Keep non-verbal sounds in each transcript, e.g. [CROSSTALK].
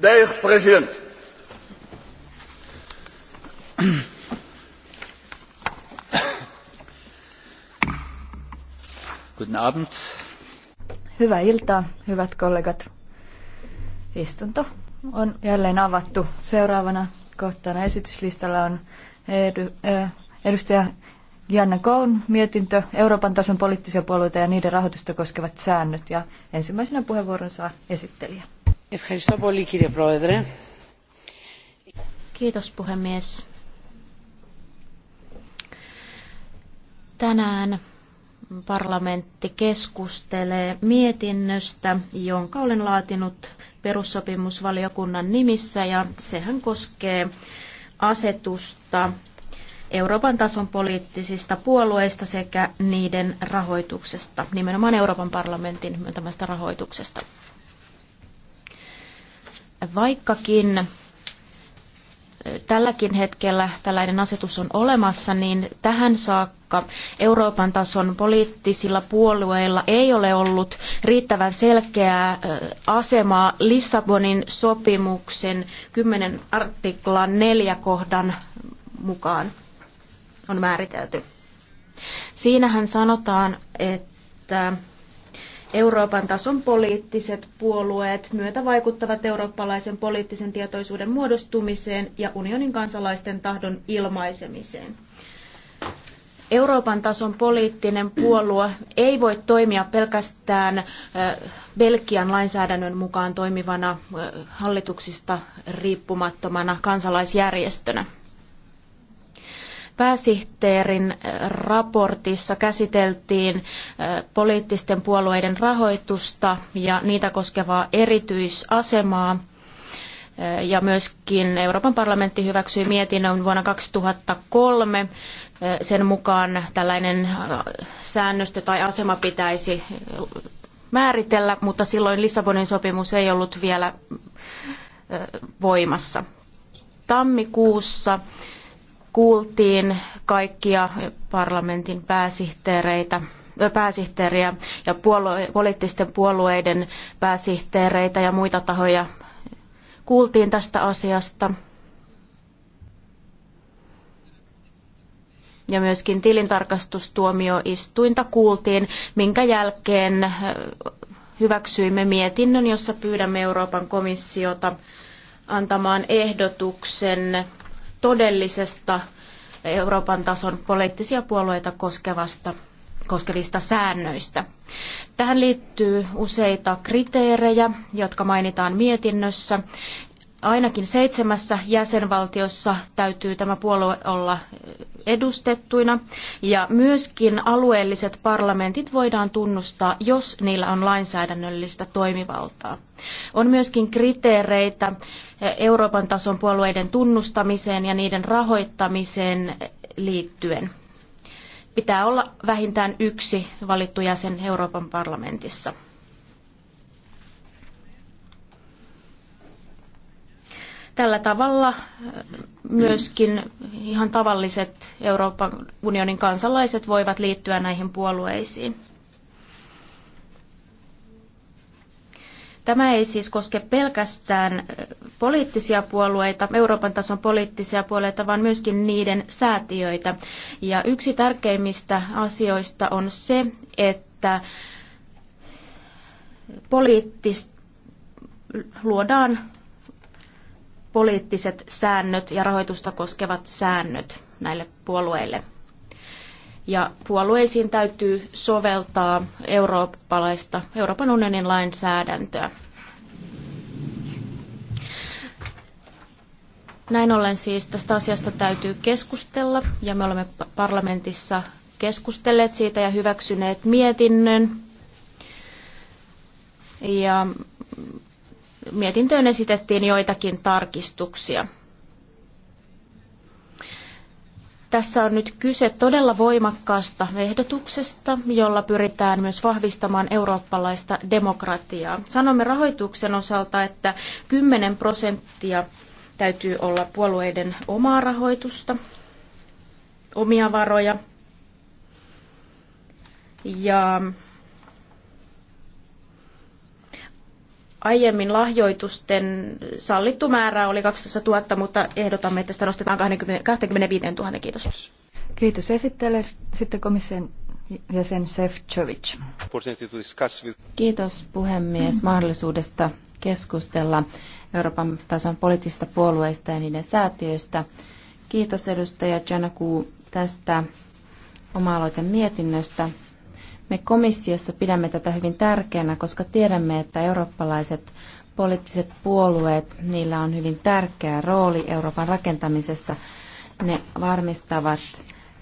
Dear President, Guten Abend. Hyvää iltaa, hyvät kollegat. Istunto on jälleen avattu. Seuraavana kohtana esityslistalla on edu, äh, edustaja Janna Koun mietintö Euroopan tason poliittisia puolueita ja niiden rahoitusta koskevat säännöt. Ja ensimmäisenä puheenvuoron saa esittelijä. Kiitos puhemies. Tänään parlamentti keskustelee mietinnöstä, jonka olen laatinut perussopimusvaliokunnan nimissä ja sehän koskee asetusta Euroopan tason poliittisista puolueista sekä niiden rahoituksesta, nimenomaan Euroopan parlamentin myöntämästä rahoituksesta. Vaikkakin tälläkin hetkellä tällainen asetus on olemassa, niin tähän saakka Euroopan tason poliittisilla puolueilla ei ole ollut riittävän selkeää asemaa Lissabonin sopimuksen 10 artiklan 4 kohdan mukaan on määritelty. Siinähän sanotaan, että Euroopan tason poliittiset puolueet myötävaikuttavat eurooppalaisen poliittisen tietoisuuden muodostumiseen ja unionin kansalaisten tahdon ilmaisemiseen. Euroopan tason poliittinen puolue ei voi toimia pelkästään Belgian lainsäädännön mukaan toimivana hallituksista riippumattomana kansalaisjärjestönä pääsihteerin äh, raportissa käsiteltiin äh, poliittisten puolueiden rahoitusta ja niitä koskevaa erityisasemaa. Äh, ja myöskin Euroopan parlamentti hyväksyi mietinnön vuonna 2003. Sen mukaan tällainen säännöstö tai asema pitäisi määritellä, mutta silloin Lissabonin sopimus ei ollut vielä voimassa. Tammikuussa kuultiin kaikkia parlamentin pääsihteereitä pääsihteeriä ja puolue, poliittisten puolueiden pääsihteereitä ja muita tahoja kuultiin tästä asiasta. Ja myöskin tilintarkastustuomioistuinta kuultiin, minkä jälkeen hyväksyimme mietinnön, jossa pyydämme Euroopan komissiota antamaan ehdotuksen todellisesta Euroopan tason poliittisia puolueita koskevasta koskevista säännöistä. Tähän liittyy useita kriteerejä, jotka mainitaan mietinnössä, ainakin seitsemässä jäsenvaltiossa täytyy tämä puolue olla edustettuina. Ja myöskin alueelliset parlamentit voidaan tunnustaa, jos niillä on lainsäädännöllistä toimivaltaa. On myöskin kriteereitä Euroopan tason puolueiden tunnustamiseen ja niiden rahoittamiseen liittyen. Pitää olla vähintään yksi valittu jäsen Euroopan parlamentissa. Tällä tavalla äh, myöskin ihan tavalliset Euroopan unionin kansalaiset voivat liittyä näihin puolueisiin. Tämä ei siis koske pelkästään äh, poliittisia puolueita, Euroopan tason poliittisia puolueita, vaan myöskin niiden säätiöitä. Ja yksi tärkeimmistä asioista on se, että poliittis luodaan poliittiset säännöt ja rahoitusta koskevat säännöt näille puolueille. Ja puolueisiin täytyy soveltaa eurooppalaista, Euroopan unionin lainsäädäntöä. Näin ollen siis tästä asiasta täytyy keskustella ja me olemme parlamentissa keskustelleet siitä ja hyväksyneet mietinnön. Ja mietintöön esitettiin joitakin tarkistuksia. Tässä on nyt kyse todella voimakkaasta ehdotuksesta, jolla pyritään myös vahvistamaan eurooppalaista demokratiaa. Sanomme rahoituksen osalta, että 10 prosenttia täytyy olla puolueiden omaa rahoitusta, omia varoja. Ja Aiemmin lahjoitusten sallittu määrä oli 12 000, mutta ehdotamme, että sitä nostetaan 20, 25 000. Kiitos. Kiitos esittelijä. Sitten komission jäsen Sefcovic. Kiitos puhemies mahdollisuudesta keskustella Euroopan tason poliittisista puolueista ja niiden säätiöistä. Kiitos edustaja Janaku tästä oma mietinnöstä. Me komissiossa pidämme tätä hyvin tärkeänä, koska tiedämme, että eurooppalaiset poliittiset puolueet, niillä on hyvin tärkeä rooli Euroopan rakentamisessa. Ne varmistavat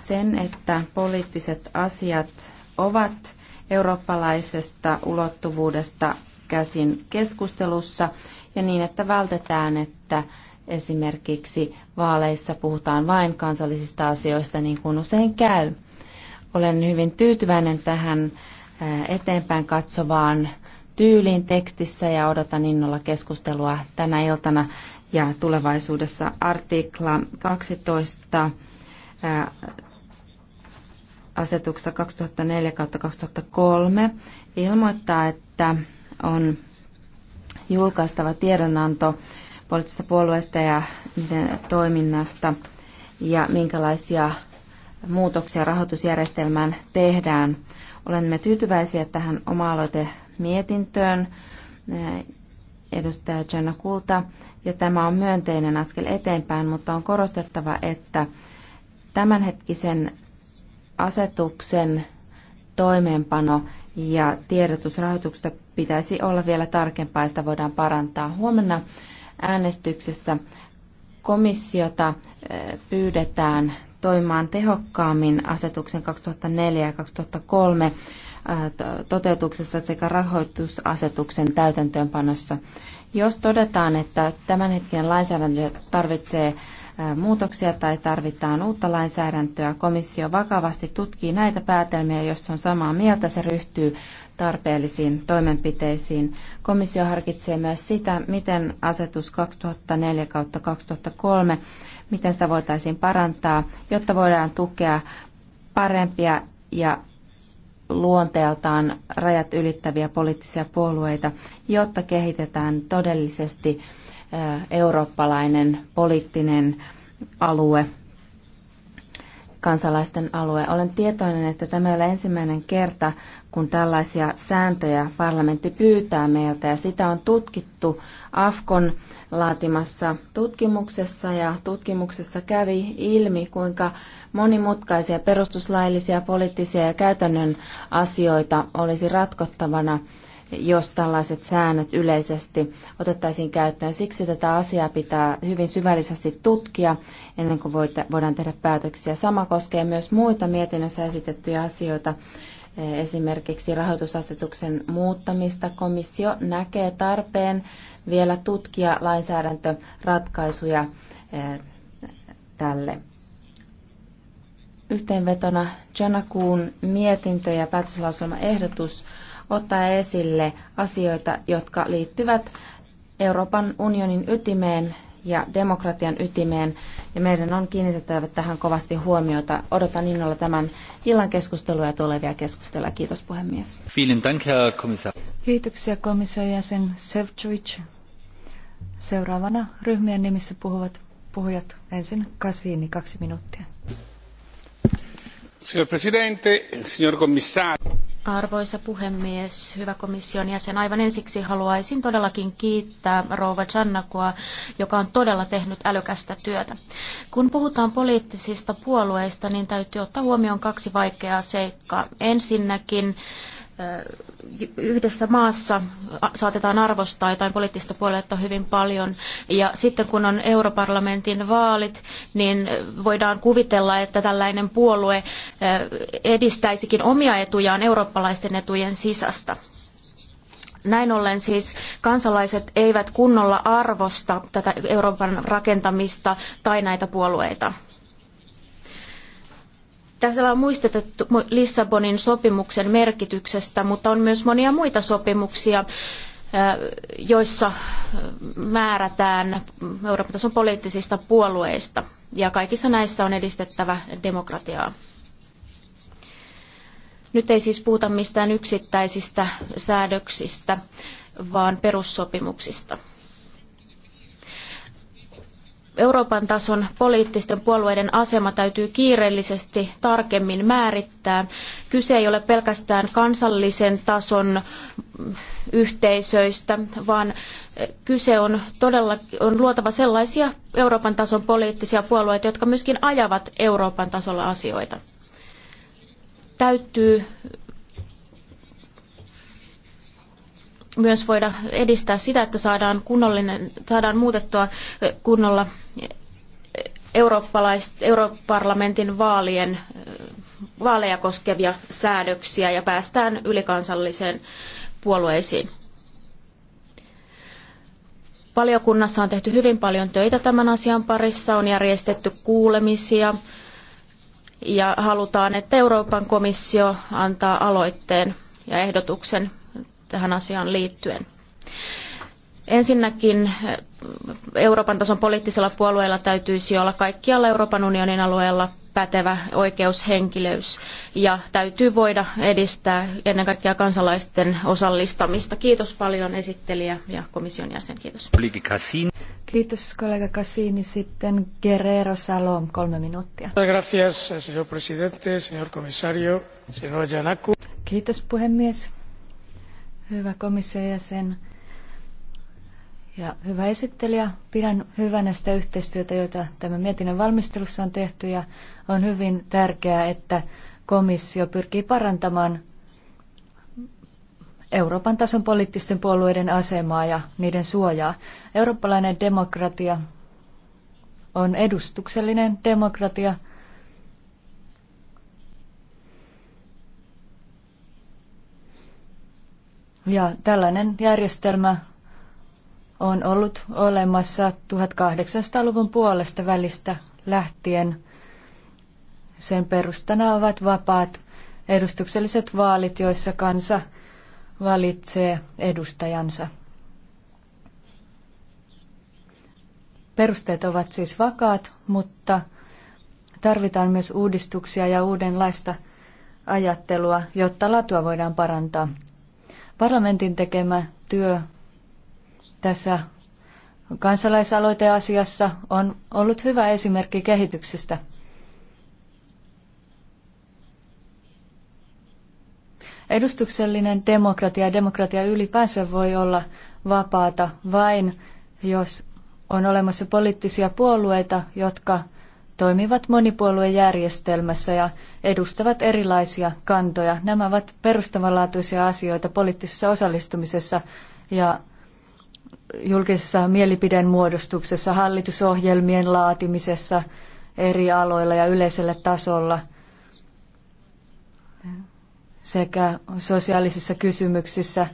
sen, että poliittiset asiat ovat eurooppalaisesta ulottuvuudesta käsin keskustelussa ja niin, että vältetään, että esimerkiksi vaaleissa puhutaan vain kansallisista asioista, niin kuin usein käy. Olen hyvin tyytyväinen tähän eteenpäin katsovaan tyyliin tekstissä ja odotan innolla keskustelua tänä iltana ja tulevaisuudessa artikla 12 asetuksessa 2004-2003 ilmoittaa, että on julkaistava tiedonanto poliittisesta puolueesta ja toiminnasta ja minkälaisia muutoksia rahoitusjärjestelmään tehdään. Olemme tyytyväisiä tähän oma mietintöön eh, edustaja Jana Kulta, ja tämä on myönteinen askel eteenpäin, mutta on korostettava, että tämänhetkisen asetuksen toimeenpano ja tiedotusrahoituksesta pitäisi olla vielä tarkempaa, sitä voidaan parantaa. Huomenna äänestyksessä komissiota eh, pyydetään toimimaan tehokkaammin asetuksen 2004 ja 2003 äh, toteutuksessa sekä rahoitusasetuksen täytäntöönpanossa. Jos todetaan, että tämän hetken lainsäädäntö tarvitsee äh, muutoksia tai tarvitaan uutta lainsäädäntöä, komissio vakavasti tutkii näitä päätelmiä, jos on samaa mieltä, se ryhtyy tarpeellisiin toimenpiteisiin. Komissio harkitsee myös sitä, miten asetus 2004-2003 miten sitä voitaisiin parantaa, jotta voidaan tukea parempia ja luonteeltaan rajat ylittäviä poliittisia puolueita, jotta kehitetään todellisesti eurooppalainen poliittinen alue kansalaisten alue. Olen tietoinen, että tämä ei ole ensimmäinen kerta, kun tällaisia sääntöjä parlamentti pyytää meiltä ja sitä on tutkittu Afkon laatimassa tutkimuksessa ja tutkimuksessa kävi ilmi, kuinka monimutkaisia perustuslaillisia, poliittisia ja käytännön asioita olisi ratkottavana jos tällaiset säännöt yleisesti otettaisiin käyttöön. Siksi tätä asiaa pitää hyvin syvällisesti tutkia ennen kuin voidaan tehdä päätöksiä. Sama koskee myös muita mietinnössä esitettyjä asioita, esimerkiksi rahoitusasetuksen muuttamista. Komissio näkee tarpeen vielä tutkia lainsäädäntöratkaisuja eh, tälle. Yhteenvetona Janakuun mietintö ja päätöslauselmaehdotus ehdotus ottaa esille asioita, jotka liittyvät Euroopan unionin ytimeen ja demokratian ytimeen, ja meidän on kiinnitettävä tähän kovasti huomiota. Odotan innolla tämän illan keskustelua ja tulevia keskusteluja. Kiitos puhemies. Dank, Herr Kiitoksia komission jäsen Sevcovic. Seuraavana ryhmien nimissä puhuvat puhujat ensin Kasiini kaksi minuuttia. Signor Presidente, signor Commissario. Arvoisa puhemies, hyvä komission jäsen, aivan ensiksi haluaisin todellakin kiittää Rouva Jannakoa, joka on todella tehnyt älykästä työtä. Kun puhutaan poliittisista puolueista, niin täytyy ottaa huomioon kaksi vaikeaa seikkaa. Ensinnäkin yhdessä maassa saatetaan arvostaa jotain poliittista puoletta hyvin paljon. Ja sitten kun on europarlamentin vaalit, niin voidaan kuvitella, että tällainen puolue edistäisikin omia etujaan eurooppalaisten etujen sisästä. Näin ollen siis kansalaiset eivät kunnolla arvosta tätä Euroopan rakentamista tai näitä puolueita. Tässä on muistetettu Lissabonin sopimuksen merkityksestä, mutta on myös monia muita sopimuksia, joissa määrätään Euroopan tason poliittisista puolueista. Ja kaikissa näissä on edistettävä demokratiaa. Nyt ei siis puhuta mistään yksittäisistä säädöksistä, vaan perussopimuksista. Euroopan tason poliittisten puolueiden asema täytyy kiireellisesti tarkemmin määrittää. Kyse ei ole pelkästään kansallisen tason mm, yhteisöistä, vaan eh, kyse on todella on luotava sellaisia Euroopan tason poliittisia puolueita, jotka myöskin ajavat Euroopan tasolla asioita. Täytyy myös voida edistää sitä, että saadaan, kunnollinen, saadaan muutettua kunnolla europarlamentin vaalien, vaaleja koskevia säädöksiä ja päästään ylikansalliseen puolueisiin. Valiokunnassa on tehty hyvin paljon töitä tämän asian parissa, on järjestetty kuulemisia ja halutaan, että Euroopan komissio antaa aloitteen ja ehdotuksen tähän asiaan liittyen. Ensinnäkin eh, Euroopan tason poliittisella puolueella täytyisi olla kaikkialla Euroopan unionin alueella pätevä oikeushenkilöys ja täytyy voida edistää ennen kaikkea kansalaisten osallistamista. Kiitos paljon esittelijä ja komission jäsen. Kiitos. Kiitos kollega Cassini. Sitten Guerrero Salom, kolme minuuttia. Gracias, señor presidente, señor comisario, señor Giannaku. Kiitos puhemies hyvä komission jäsen ja hyvä esittelijä. Pidän hyvänä sitä yhteistyötä, jota tämän mietinnön valmistelussa on tehty ja on hyvin tärkeää, että komissio pyrkii parantamaan Euroopan tason poliittisten puolueiden asemaa ja niiden suojaa. Eurooppalainen demokratia on edustuksellinen demokratia – Ja tällainen järjestelmä on ollut olemassa 1800-luvun puolesta välistä lähtien. Sen perustana ovat vapaat edustukselliset vaalit, joissa kansa valitsee edustajansa. Perusteet ovat siis vakaat, mutta tarvitaan myös uudistuksia ja uudenlaista ajattelua, jotta latua voidaan parantaa. Parlamentin tekemä työ tässä kansalaisaloiteasiassa on ollut hyvä esimerkki kehityksestä. Edustuksellinen demokratia ja demokratia ylipäänsä voi olla vapaata vain, jos on olemassa poliittisia puolueita, jotka toimivat monipuoluejärjestelmässä ja edustavat erilaisia kantoja. Nämä ovat perustavanlaatuisia asioita poliittisessa osallistumisessa ja julkisessa mielipideen muodostuksessa, hallitusohjelmien laatimisessa eri aloilla ja yleisellä tasolla sekä sosiaalisissa kysymyksissä.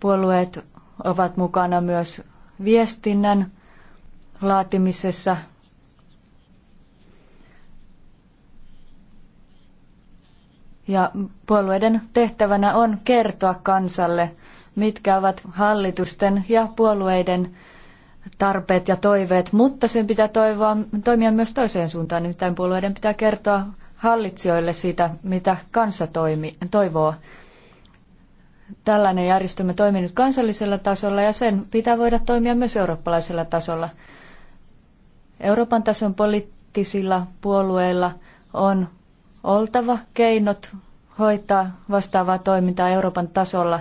Puolueet ovat mukana myös viestinnän laatimisessa – Ja puolueiden tehtävänä on kertoa kansalle, mitkä ovat hallitusten ja puolueiden tarpeet ja toiveet, mutta sen pitää toivoa, toimia myös toiseen suuntaan. Nimittäin puolueiden pitää kertoa hallitsijoille siitä, mitä kansa toimi, toivoo. Tällainen järjestelmä toimii nyt kansallisella tasolla ja sen pitää voida toimia myös eurooppalaisella tasolla. Euroopan tason poliittisilla puolueilla on oltava keinot hoitaa vastaavaa toimintaa Euroopan tasolla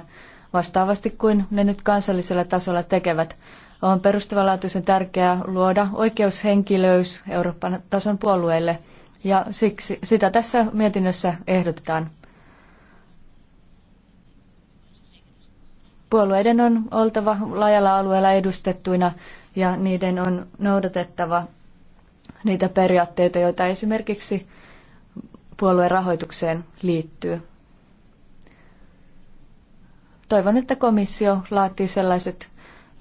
vastaavasti kuin ne nyt kansallisella tasolla tekevät. On perustavanlaatuisen tärkeää luoda oikeushenkilöys Euroopan tason puolueille ja siksi sitä tässä mietinnössä ehdotetaan. Puolueiden on oltava laajalla alueella edustettuina ja niiden on noudatettava niitä periaatteita, joita esimerkiksi puolueen rahoitukseen liittyy. Toivon, että komissio laatii sellaiset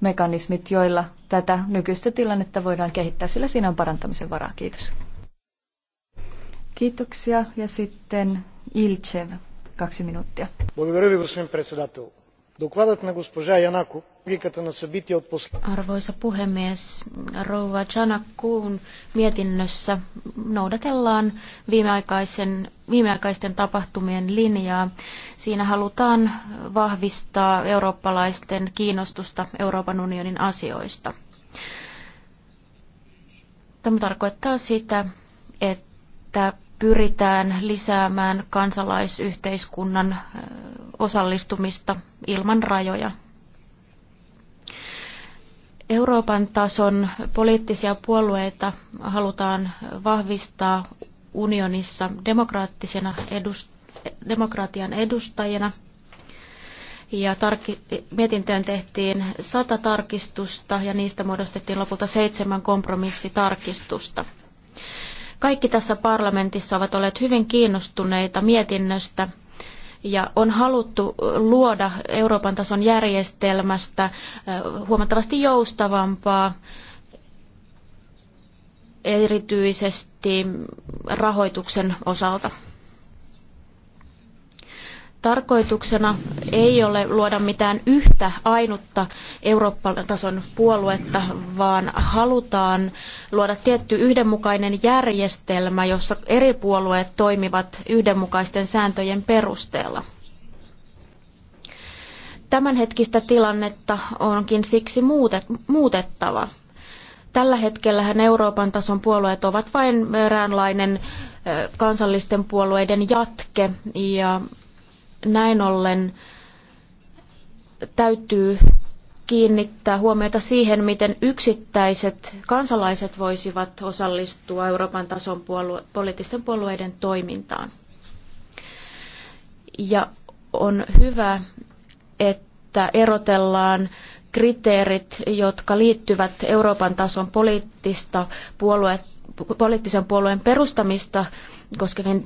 mekanismit, joilla tätä nykyistä tilannetta voidaan kehittää, sillä siinä on parantamisen varaa. Kiitos. Kiitoksia ja sitten Ilchev, kaksi minuuttia. господин Arvoisa puhemies, rouva Janakkuun mietinnössä noudatellaan viimeaikaisen, viimeaikaisten tapahtumien linjaa. Siinä halutaan vahvistaa eurooppalaisten kiinnostusta Euroopan unionin asioista. Tämä tarkoittaa sitä, että pyritään lisäämään kansalaisyhteiskunnan osallistumista ilman rajoja. Euroopan tason poliittisia puolueita halutaan vahvistaa unionissa demokraattisena edust- demokratian edustajina. Ja tarki- mietintöön tehtiin sata tarkistusta ja niistä muodostettiin lopulta seitsemän kompromissitarkistusta. Kaikki tässä parlamentissa ovat olleet hyvin kiinnostuneita mietinnöstä ja on haluttu luoda Euroopan tason järjestelmästä huomattavasti joustavampaa erityisesti rahoituksen osalta. Tarkoituksena ei ole luoda mitään yhtä ainutta Eurooppa-tason puoluetta, vaan halutaan luoda tietty yhdenmukainen järjestelmä, jossa eri puolueet toimivat yhdenmukaisten sääntöjen perusteella. Tämänhetkistä tilannetta onkin siksi muutettava. Tällä hetkellähän Euroopan tason puolueet ovat vain eräänlainen kansallisten puolueiden jatke ja näin ollen täytyy kiinnittää huomiota siihen, miten yksittäiset kansalaiset voisivat osallistua Euroopan tason puolue- poliittisten puolueiden toimintaan. Ja on hyvä, että erotellaan kriteerit, jotka liittyvät Euroopan tason poliittista puoluetta poliittisen puolueen perustamista koskeviin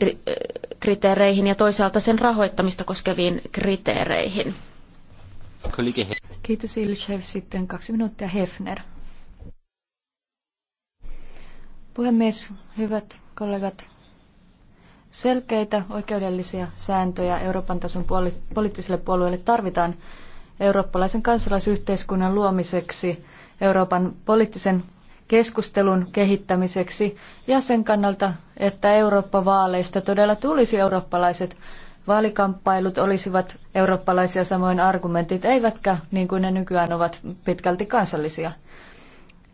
kriteereihin ja toisaalta sen rahoittamista koskeviin kriteereihin. Kiitos Ilchev. Sitten kaksi minuuttia Hefner. Puhemies, hyvät kollegat, selkeitä oikeudellisia sääntöjä Euroopan tason puoli- poliittisille puolueille tarvitaan eurooppalaisen kansalaisyhteiskunnan luomiseksi Euroopan poliittisen keskustelun kehittämiseksi ja sen kannalta, että Eurooppa-vaaleista todella tulisi eurooppalaiset vaalikamppailut olisivat eurooppalaisia samoin argumentit, eivätkä niin kuin ne nykyään ovat pitkälti kansallisia.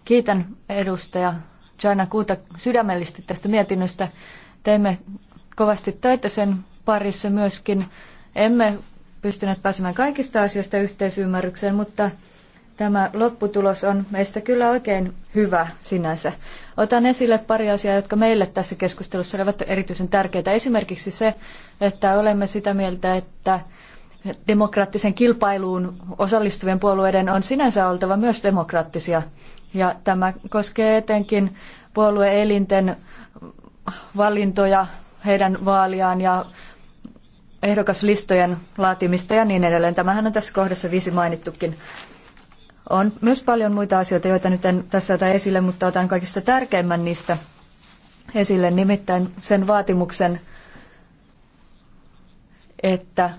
Kiitän edustaja Jana Kuuta sydämellisesti tästä mietinnöstä. Teimme kovasti töitä sen parissa myöskin. Emme pystyneet pääsemään kaikista asioista yhteisymmärrykseen, mutta Tämä lopputulos on meistä kyllä oikein hyvä sinänsä. Otan esille pari asiaa, jotka meille tässä keskustelussa olivat erityisen tärkeitä. Esimerkiksi se, että olemme sitä mieltä, että demokraattisen kilpailuun osallistuvien puolueiden on sinänsä oltava myös demokraattisia. Ja tämä koskee etenkin puolueelinten valintoja, heidän vaaliaan ja ehdokaslistojen laatimista ja niin edelleen. Tämähän on tässä kohdassa viisi mainittukin. On myös paljon muita asioita, joita nyt en tässä ota esille, mutta otan kaikista tärkeimmän niistä esille, nimittäin sen vaatimuksen, että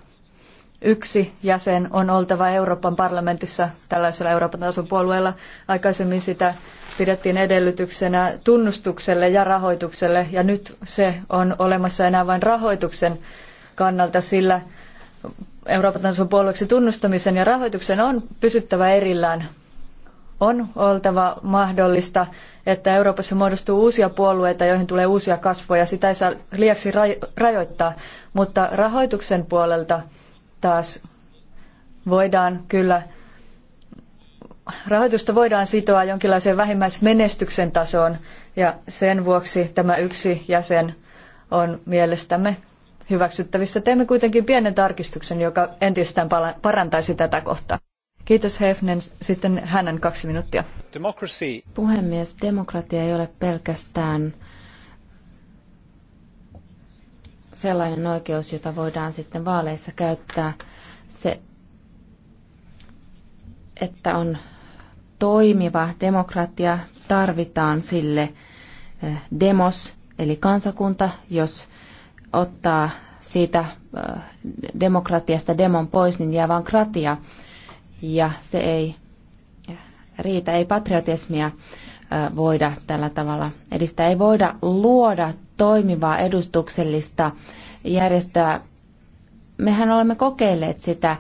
yksi jäsen on oltava Euroopan parlamentissa tällaisella Euroopan tason puolueella. Aikaisemmin sitä pidettiin edellytyksenä tunnustukselle ja rahoitukselle, ja nyt se on olemassa enää vain rahoituksen kannalta, sillä Euroopan tason puolueeksi tunnustamisen ja rahoituksen on pysyttävä erillään. On oltava mahdollista, että Euroopassa muodostuu uusia puolueita, joihin tulee uusia kasvoja. Sitä ei saa liiaksi rajoittaa, mutta rahoituksen puolelta taas voidaan kyllä rahoitusta voidaan sitoa jonkinlaiseen vähimmäismenestyksen tasoon ja sen vuoksi tämä yksi jäsen on mielestämme hyväksyttävissä. Teemme kuitenkin pienen tarkistuksen, joka entistään parantaisi tätä kohtaa. Kiitos Hefnen. Sitten hänen kaksi minuuttia. Democracy. Puhemies, demokratia ei ole pelkästään sellainen oikeus, jota voidaan sitten vaaleissa käyttää. Se, että on toimiva demokratia, tarvitaan sille eh, demos, eli kansakunta, jos ottaa siitä äh, demokratiasta demon pois, niin jää vain kratia. Ja se ei riitä, ei patriotismia äh, voida tällä tavalla edistää. Ei voida luoda toimivaa edustuksellista järjestöä. Mehän olemme kokeilleet sitä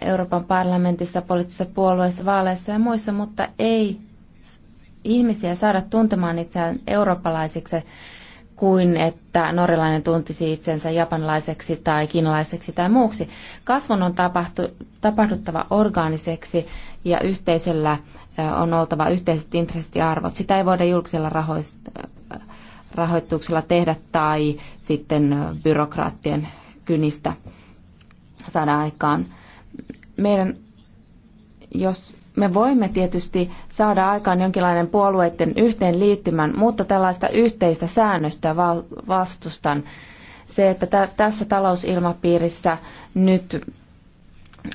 Euroopan parlamentissa, poliittisissa puolueissa, vaaleissa ja muissa, mutta ei ihmisiä saada tuntemaan itseään eurooppalaisiksi kuin että norjalainen tuntisi itsensä japanilaiseksi tai kiinalaiseksi tai muuksi. Kasvun on tapahtu, tapahduttava orgaaniseksi ja yhteisöllä on oltava yhteiset intressit ja arvot. Sitä ei voida julkisella rahoituksella tehdä tai sitten byrokraattien kynistä saada aikaan. Meidän, jos me voimme tietysti saada aikaan jonkinlainen puolueiden yhteenliittymän, mutta tällaista yhteistä säännöstä vastustan. Se, että tässä talousilmapiirissä nyt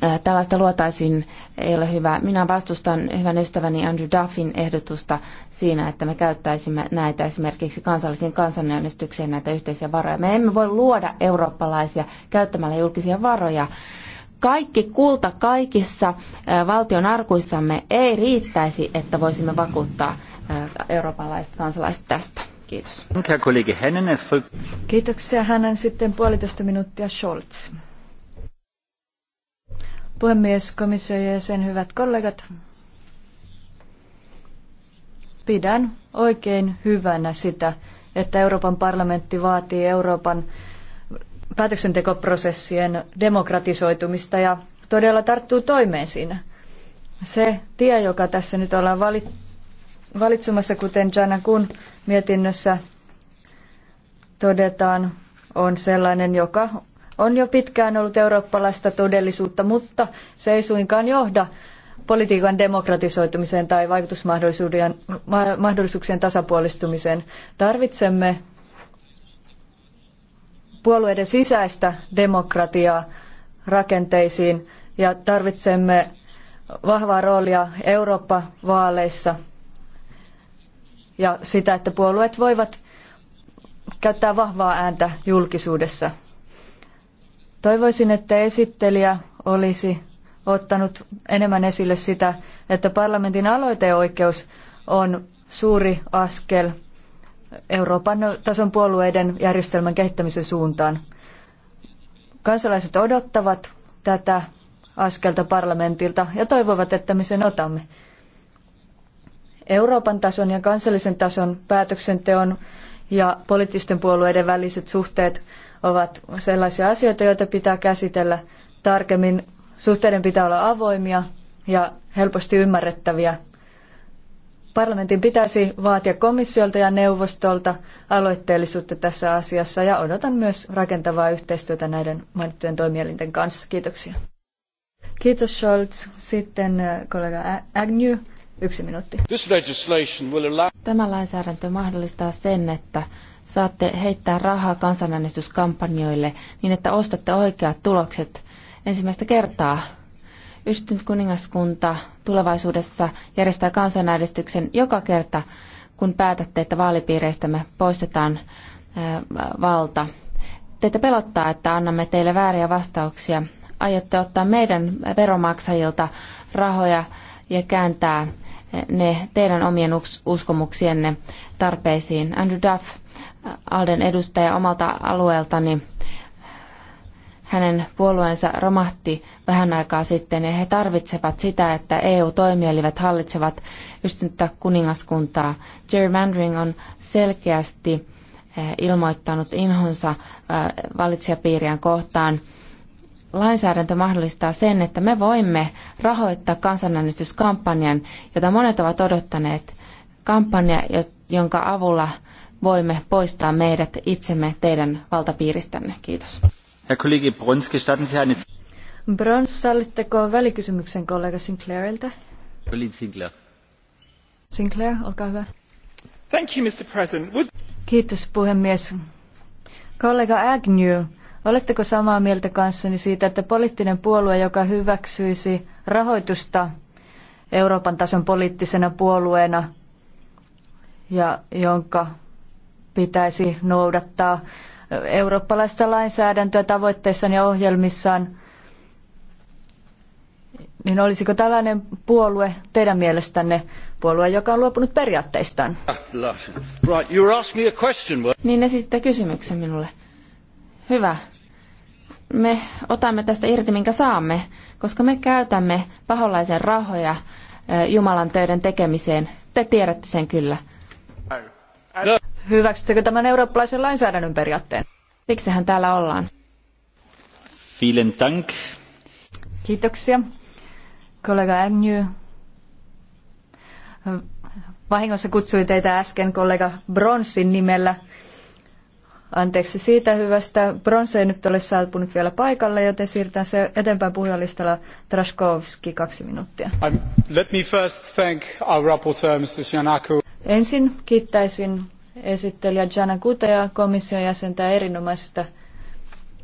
ää, tällaista luotaisin ei ole hyvä. Minä vastustan hyvän ystäväni Andrew Duffin ehdotusta siinä, että me käyttäisimme näitä esimerkiksi kansallisiin kansanäänestykseen näitä yhteisiä varoja. Me emme voi luoda eurooppalaisia käyttämällä julkisia varoja kaikki kulta kaikissa valtion arkuissamme ei riittäisi, että voisimme vakuuttaa eurooppalaiset kansalaiset tästä. Kiitos. Kiitoksia. Hänen sitten puolitoista minuuttia Scholz. Puhemies, komission jäsen, hyvät kollegat. Pidän oikein hyvänä sitä, että Euroopan parlamentti vaatii Euroopan päätöksentekoprosessien demokratisoitumista ja todella tarttuu toimeen siinä. Se tie, joka tässä nyt ollaan valitsemassa, kuten Jana Kun mietinnössä todetaan, on sellainen, joka on jo pitkään ollut eurooppalaista todellisuutta, mutta se ei suinkaan johda politiikan demokratisoitumiseen tai vaikutusmahdollisuuksien tasapuolistumiseen. Tarvitsemme puolueiden sisäistä demokratiaa rakenteisiin ja tarvitsemme vahvaa roolia Eurooppa-vaaleissa ja sitä, että puolueet voivat käyttää vahvaa ääntä julkisuudessa. Toivoisin, että esittelijä olisi ottanut enemmän esille sitä, että parlamentin aloiteoikeus on suuri askel Euroopan tason puolueiden järjestelmän kehittämisen suuntaan. Kansalaiset odottavat tätä askelta parlamentilta ja toivovat, että me sen otamme. Euroopan tason ja kansallisen tason päätöksenteon ja poliittisten puolueiden väliset suhteet ovat sellaisia asioita, joita pitää käsitellä tarkemmin. Suhteiden pitää olla avoimia ja helposti ymmärrettäviä. Parlamentin pitäisi vaatia komissiolta ja neuvostolta aloitteellisuutta tässä asiassa ja odotan myös rakentavaa yhteistyötä näiden mainittujen toimielinten kanssa. Kiitoksia. Kiitos Scholz. Sitten äh, kollega Agnew. Yksi minuutti. Tämä lainsäädäntö mahdollistaa sen, että saatte heittää rahaa kansanäänestyskampanjoille niin, että ostatte oikeat tulokset ensimmäistä kertaa yhdistynyt kuningaskunta tulevaisuudessa järjestää kansanäänestyksen joka kerta, kun päätätte, että vaalipiireistämme poistetaan valta. Teitä pelottaa, että annamme teille vääriä vastauksia. Aiotte ottaa meidän veromaksajilta rahoja ja kääntää ne teidän omien uskomuksienne tarpeisiin. Andrew Duff, Alden edustaja omalta alueeltani, hänen puolueensa romahti vähän aikaa sitten ja he tarvitsevat sitä, että EU-toimielivät hallitsevat ystävyyttä kuningaskuntaa. Gerrymandering on selkeästi eh, ilmoittanut inhonsa eh, valitsijapiiriään kohtaan. Lainsäädäntö mahdollistaa sen, että me voimme rahoittaa kansanäänestyskampanjan, jota monet ovat odottaneet. Kampanja, jonka avulla voimme poistaa meidät itsemme teidän valtapiiristänne. Kiitos. Herr Kollege Brons, gestatten Sie eine... Brons, sallitteko välikysymyksen kollega Sinclairilta? Colin Sinclair. Sinclair, olkaa hyvä. Thank you, Mr. President. Would... Kiitos puhemies. Kollega Agnew, oletteko samaa mieltä kanssani siitä, että poliittinen puolue, joka hyväksyisi rahoitusta Euroopan tason poliittisena puolueena ja jonka pitäisi noudattaa eurooppalaista lainsäädäntöä tavoitteissaan ja ohjelmissaan, niin olisiko tällainen puolue teidän mielestänne puolue, joka on luopunut periaatteistaan? Right, you're asking a question. Niin esitte kysymyksen minulle. Hyvä. Me otamme tästä irti, minkä saamme, koska me käytämme paholaisen rahoja eh, Jumalan töiden tekemiseen. Te tiedätte sen kyllä. No. Hyväksyttekö tämän eurooppalaisen lainsäädännön periaatteen? Siksihän täällä ollaan. Vielen dank. Kiitoksia. Kollega Agnew. Vahingossa kutsui teitä äsken kollega Bronsin nimellä. Anteeksi siitä hyvästä. Brons ei nyt ole saapunut vielä paikalle, joten siirrytään se eteenpäin puhujalistalla Traskovski kaksi minuuttia. Um, Ensin kiittäisin esittelijä Jana ja komission jäsentä erinomaisesta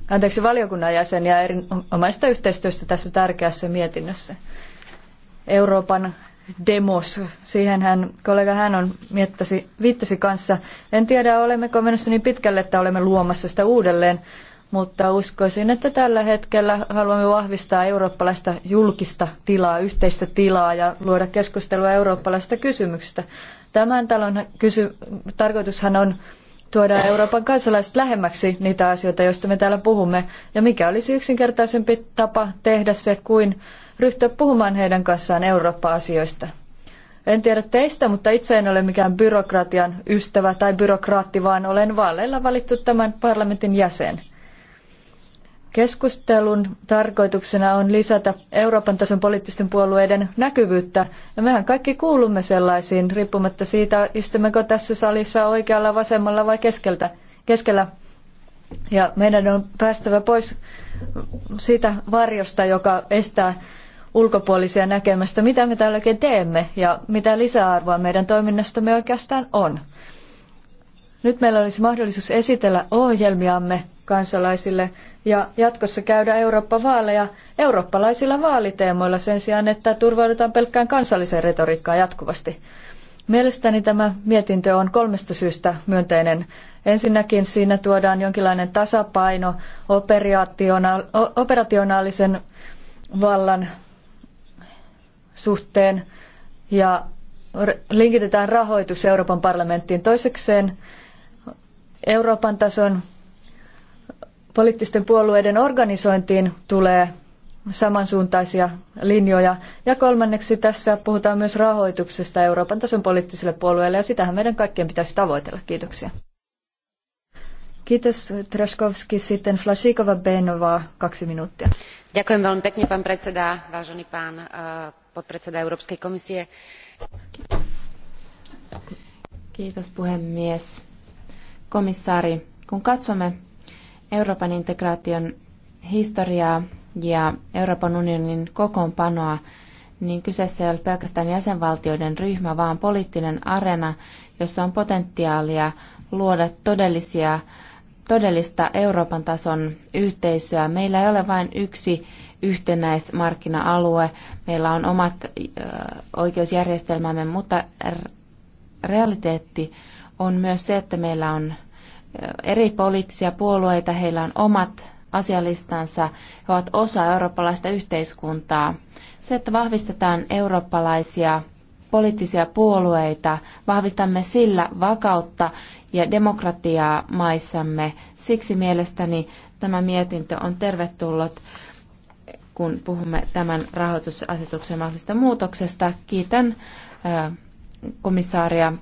anteeksi, valiokunnan jäseniä erinomaista yhteistyöstä tässä tärkeässä mietinnössä. Euroopan demos, siihenhän kollega hän on miettasi, viittasi kanssa. En tiedä, olemmeko menossa niin pitkälle, että olemme luomassa sitä uudelleen, mutta uskoisin, että tällä hetkellä haluamme vahvistaa eurooppalaista julkista tilaa, yhteistä tilaa ja luoda keskustelua eurooppalaisista kysymyksistä. Tämän talon kysy- tarkoitushan on tuoda Euroopan kansalaiset lähemmäksi niitä asioita, joista me täällä puhumme, ja mikä olisi yksinkertaisempi tapa tehdä se kuin ryhtyä puhumaan heidän kanssaan Eurooppa-asioista. En tiedä teistä, mutta itse en ole mikään byrokratian ystävä tai byrokraatti, vaan olen vaaleilla valittu tämän parlamentin jäsen. Keskustelun tarkoituksena on lisätä Euroopan tason poliittisten puolueiden näkyvyyttä. Ja mehän kaikki kuulumme sellaisiin, riippumatta siitä, istummeko tässä salissa oikealla, vasemmalla vai keskeltä, keskellä. Ja meidän on päästävä pois siitä varjosta, joka estää ulkopuolisia näkemästä, mitä me täällä oikein teemme ja mitä lisäarvoa meidän toiminnastamme oikeastaan on. Nyt meillä olisi mahdollisuus esitellä ohjelmiamme kansalaisille ja jatkossa käydä Eurooppa-vaaleja eurooppalaisilla vaaliteemoilla sen sijaan, että turvaudutaan pelkkään kansalliseen retoriikkaan jatkuvasti. Mielestäni tämä mietintö on kolmesta syystä myönteinen. Ensinnäkin siinä tuodaan jonkinlainen tasapaino operationaalisen vallan suhteen ja linkitetään rahoitus Euroopan parlamenttiin. Toisekseen Euroopan tason poliittisten puolueiden organisointiin tulee samansuuntaisia linjoja. Ja kolmanneksi tässä puhutaan myös rahoituksesta Euroopan tason poliittisille puolueille, ja sitähän meidän kaikkien pitäisi tavoitella. Kiitoksia. Kiitos Traškovski. Sitten Flašikova Benova, kaksi minuuttia. Ďakujem veľmi pekne, pán predseda, vážený pán eh, podpredseda Európskej komisie. Kiitos puhemies. Komissaari, kun katsomme Euroopan integraation historiaa ja Euroopan unionin kokoonpanoa, niin kyseessä ei ole pelkästään jäsenvaltioiden ryhmä, vaan poliittinen arena, jossa on potentiaalia luoda todellisia, todellista Euroopan tason yhteisöä. Meillä ei ole vain yksi yhtenäismarkkina-alue, meillä on omat oikeusjärjestelmämme, mutta realiteetti on myös se, että meillä on eri poliittisia puolueita, heillä on omat asialistansa, he ovat osa eurooppalaista yhteiskuntaa. Se, että vahvistetaan eurooppalaisia poliittisia puolueita, vahvistamme sillä vakautta ja demokratiaa maissamme. Siksi mielestäni tämä mietintö on tervetullut, kun puhumme tämän rahoitusasetuksen mahdollisesta muutoksesta. Kiitän komissaaria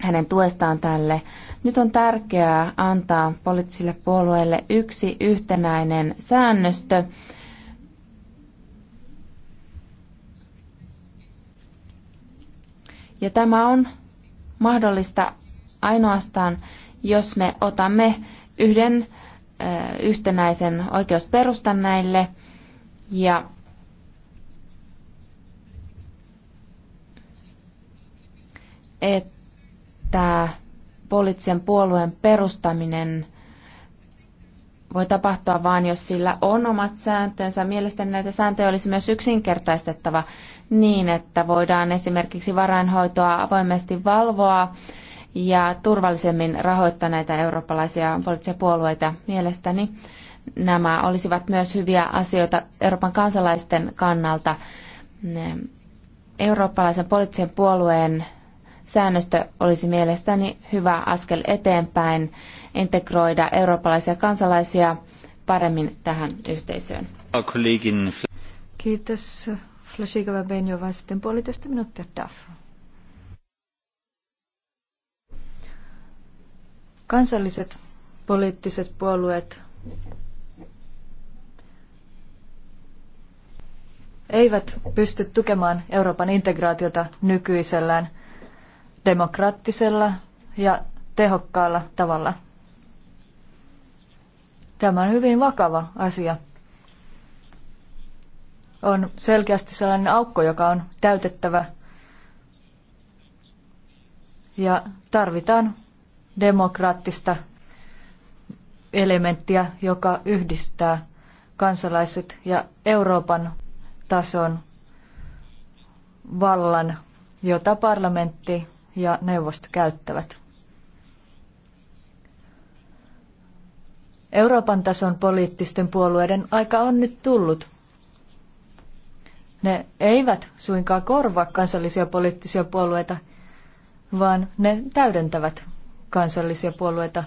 hänen tuestaan tälle nyt on tärkeää antaa poliittisille puolueille yksi yhtenäinen säännöstö, Ja tämä on mahdollista ainoastaan, jos me otamme yhden yhtenäisen oikeusperustan näille ja että poliittisen puolueen perustaminen voi tapahtua vain, jos sillä on omat sääntönsä. Mielestäni näitä sääntöjä olisi myös yksinkertaistettava niin, että voidaan esimerkiksi varainhoitoa avoimesti valvoa ja turvallisemmin rahoittaa näitä eurooppalaisia poliittisia puolueita. Mielestäni nämä olisivat myös hyviä asioita Euroopan kansalaisten kannalta. Eurooppalaisen poliittisen puolueen säännöstö olisi mielestäni hyvä askel eteenpäin integroida eurooppalaisia kansalaisia paremmin tähän yhteisöön. Kiitos. Flashikova Benjova, sitten puolitoista minuuttia DAF. Kansalliset poliittiset puolueet eivät pysty tukemaan Euroopan integraatiota nykyisellään – demokraattisella ja tehokkaalla tavalla. Tämä on hyvin vakava asia. On selkeästi sellainen aukko, joka on täytettävä. Ja tarvitaan demokraattista elementtiä, joka yhdistää kansalaiset ja Euroopan tason vallan, jota parlamentti ja neuvosto käyttävät. Euroopan tason poliittisten puolueiden aika on nyt tullut. Ne eivät suinkaan korvaa kansallisia poliittisia puolueita, vaan ne täydentävät kansallisia puolueita.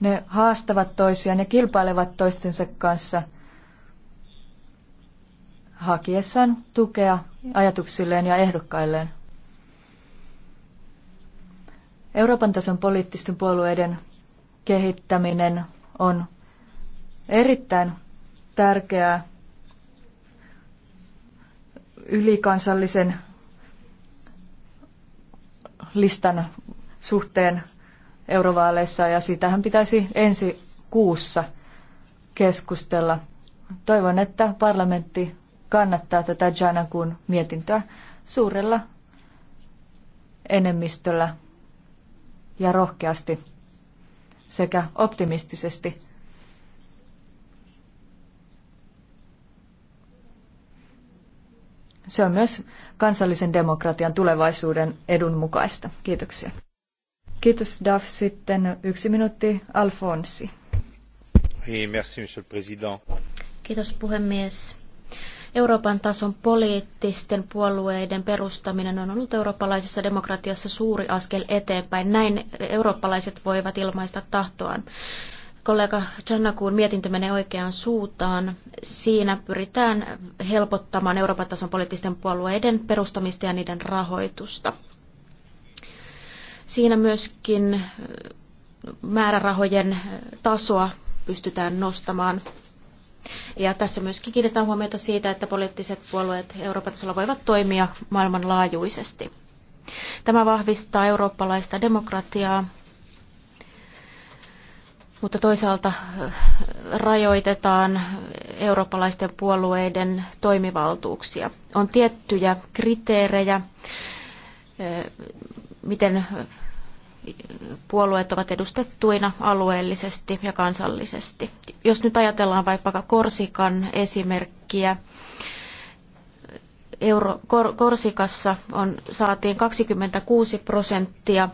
Ne haastavat toisiaan ja kilpailevat toistensa kanssa hakiessaan tukea ajatuksilleen ja ehdokkailleen. Euroopan tason poliittisten puolueiden kehittäminen on erittäin tärkeää ylikansallisen listan suhteen eurovaaleissa ja siitähän pitäisi ensi kuussa keskustella. Toivon, että parlamentti kannattaa tätä Janakun mietintöä suurella enemmistöllä ja rohkeasti sekä optimistisesti. Se on myös kansallisen demokratian tulevaisuuden edun mukaista. Kiitoksia. Kiitos Daf. Sitten yksi minuutti Alfonsi. Kiitos puhemies. Euroopan tason poliittisten puolueiden perustaminen on ollut eurooppalaisessa demokratiassa suuri askel eteenpäin. Näin eurooppalaiset voivat ilmaista tahtoaan. Kollega Jannakuun mietintö menee oikeaan suuntaan. Siinä pyritään helpottamaan Euroopan tason poliittisten puolueiden perustamista ja niiden rahoitusta. Siinä myöskin määrärahojen tasoa pystytään nostamaan ja tässä myöskin kiinnitetään huomiota siitä, että poliittiset puolueet Euroopan tasolla voivat toimia maailmanlaajuisesti. Tämä vahvistaa eurooppalaista demokratiaa, mutta toisaalta eh, rajoitetaan eurooppalaisten puolueiden toimivaltuuksia. On tiettyjä kriteerejä, eh, miten puolueet ovat edustettuina alueellisesti ja kansallisesti. Jos nyt ajatellaan vaikka Korsikan esimerkkiä, Euro, Kor, Korsikassa on, saatiin 26 prosenttia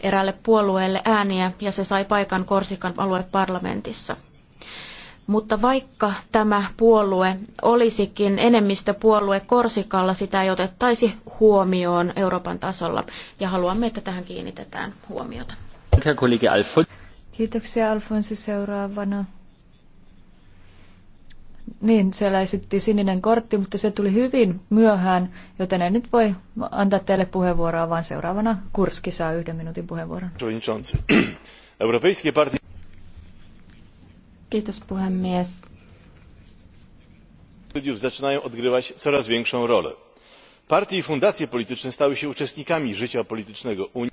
eräälle puolueelle ääniä ja se sai paikan Korsikan alueparlamentissa. Mutta vaikka tämä puolue olisikin enemmistöpuolue Korsikalla, sitä ei otettaisi huomioon Euroopan tasolla. Ja haluamme, että tähän kiinnitetään huomiota. Kiitoksia Alfonsi seuraavana. Niin, siellä esitti sininen kortti, mutta se tuli hyvin myöhään, joten en nyt voi antaa teille puheenvuoroa, vaan seuraavana Kurski saa yhden minuutin puheenvuoron. [CLEARS THROAT] Kiitos puhemies. Mediów zaczynają odgrywać coraz większą rolę. Partie i fundacje polityczne stały się uczestnikami życia politycznego Unii.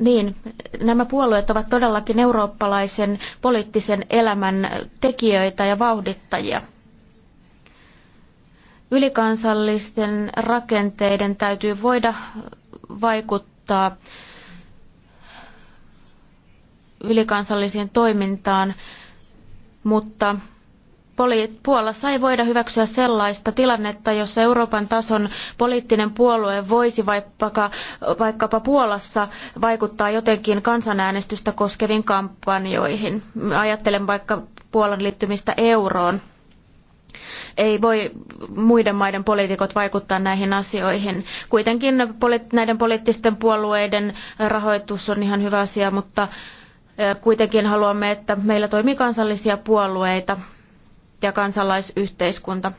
Niin, nämä puolueet ovat todellakin eurooppalaisen poliittisen elämän tekijöitä ja vauhdittajia. Ylikansallisten rakenteiden täytyy voida vaikuttaa ylikansalliseen toimintaan, mutta Puolassa ei voida hyväksyä sellaista tilannetta, jossa Euroopan tason poliittinen puolue voisi vaikka, vaikkapa Puolassa vaikuttaa jotenkin kansanäänestystä koskeviin kampanjoihin. Ajattelen vaikka Puolan liittymistä euroon. Ei voi muiden maiden poliitikot vaikuttaa näihin asioihin. Kuitenkin näiden poliittisten puolueiden rahoitus on ihan hyvä asia, mutta Kuitenkin haluamme, että meillä toimii kansallisia puolueita ja kansalaisyhteiskunta.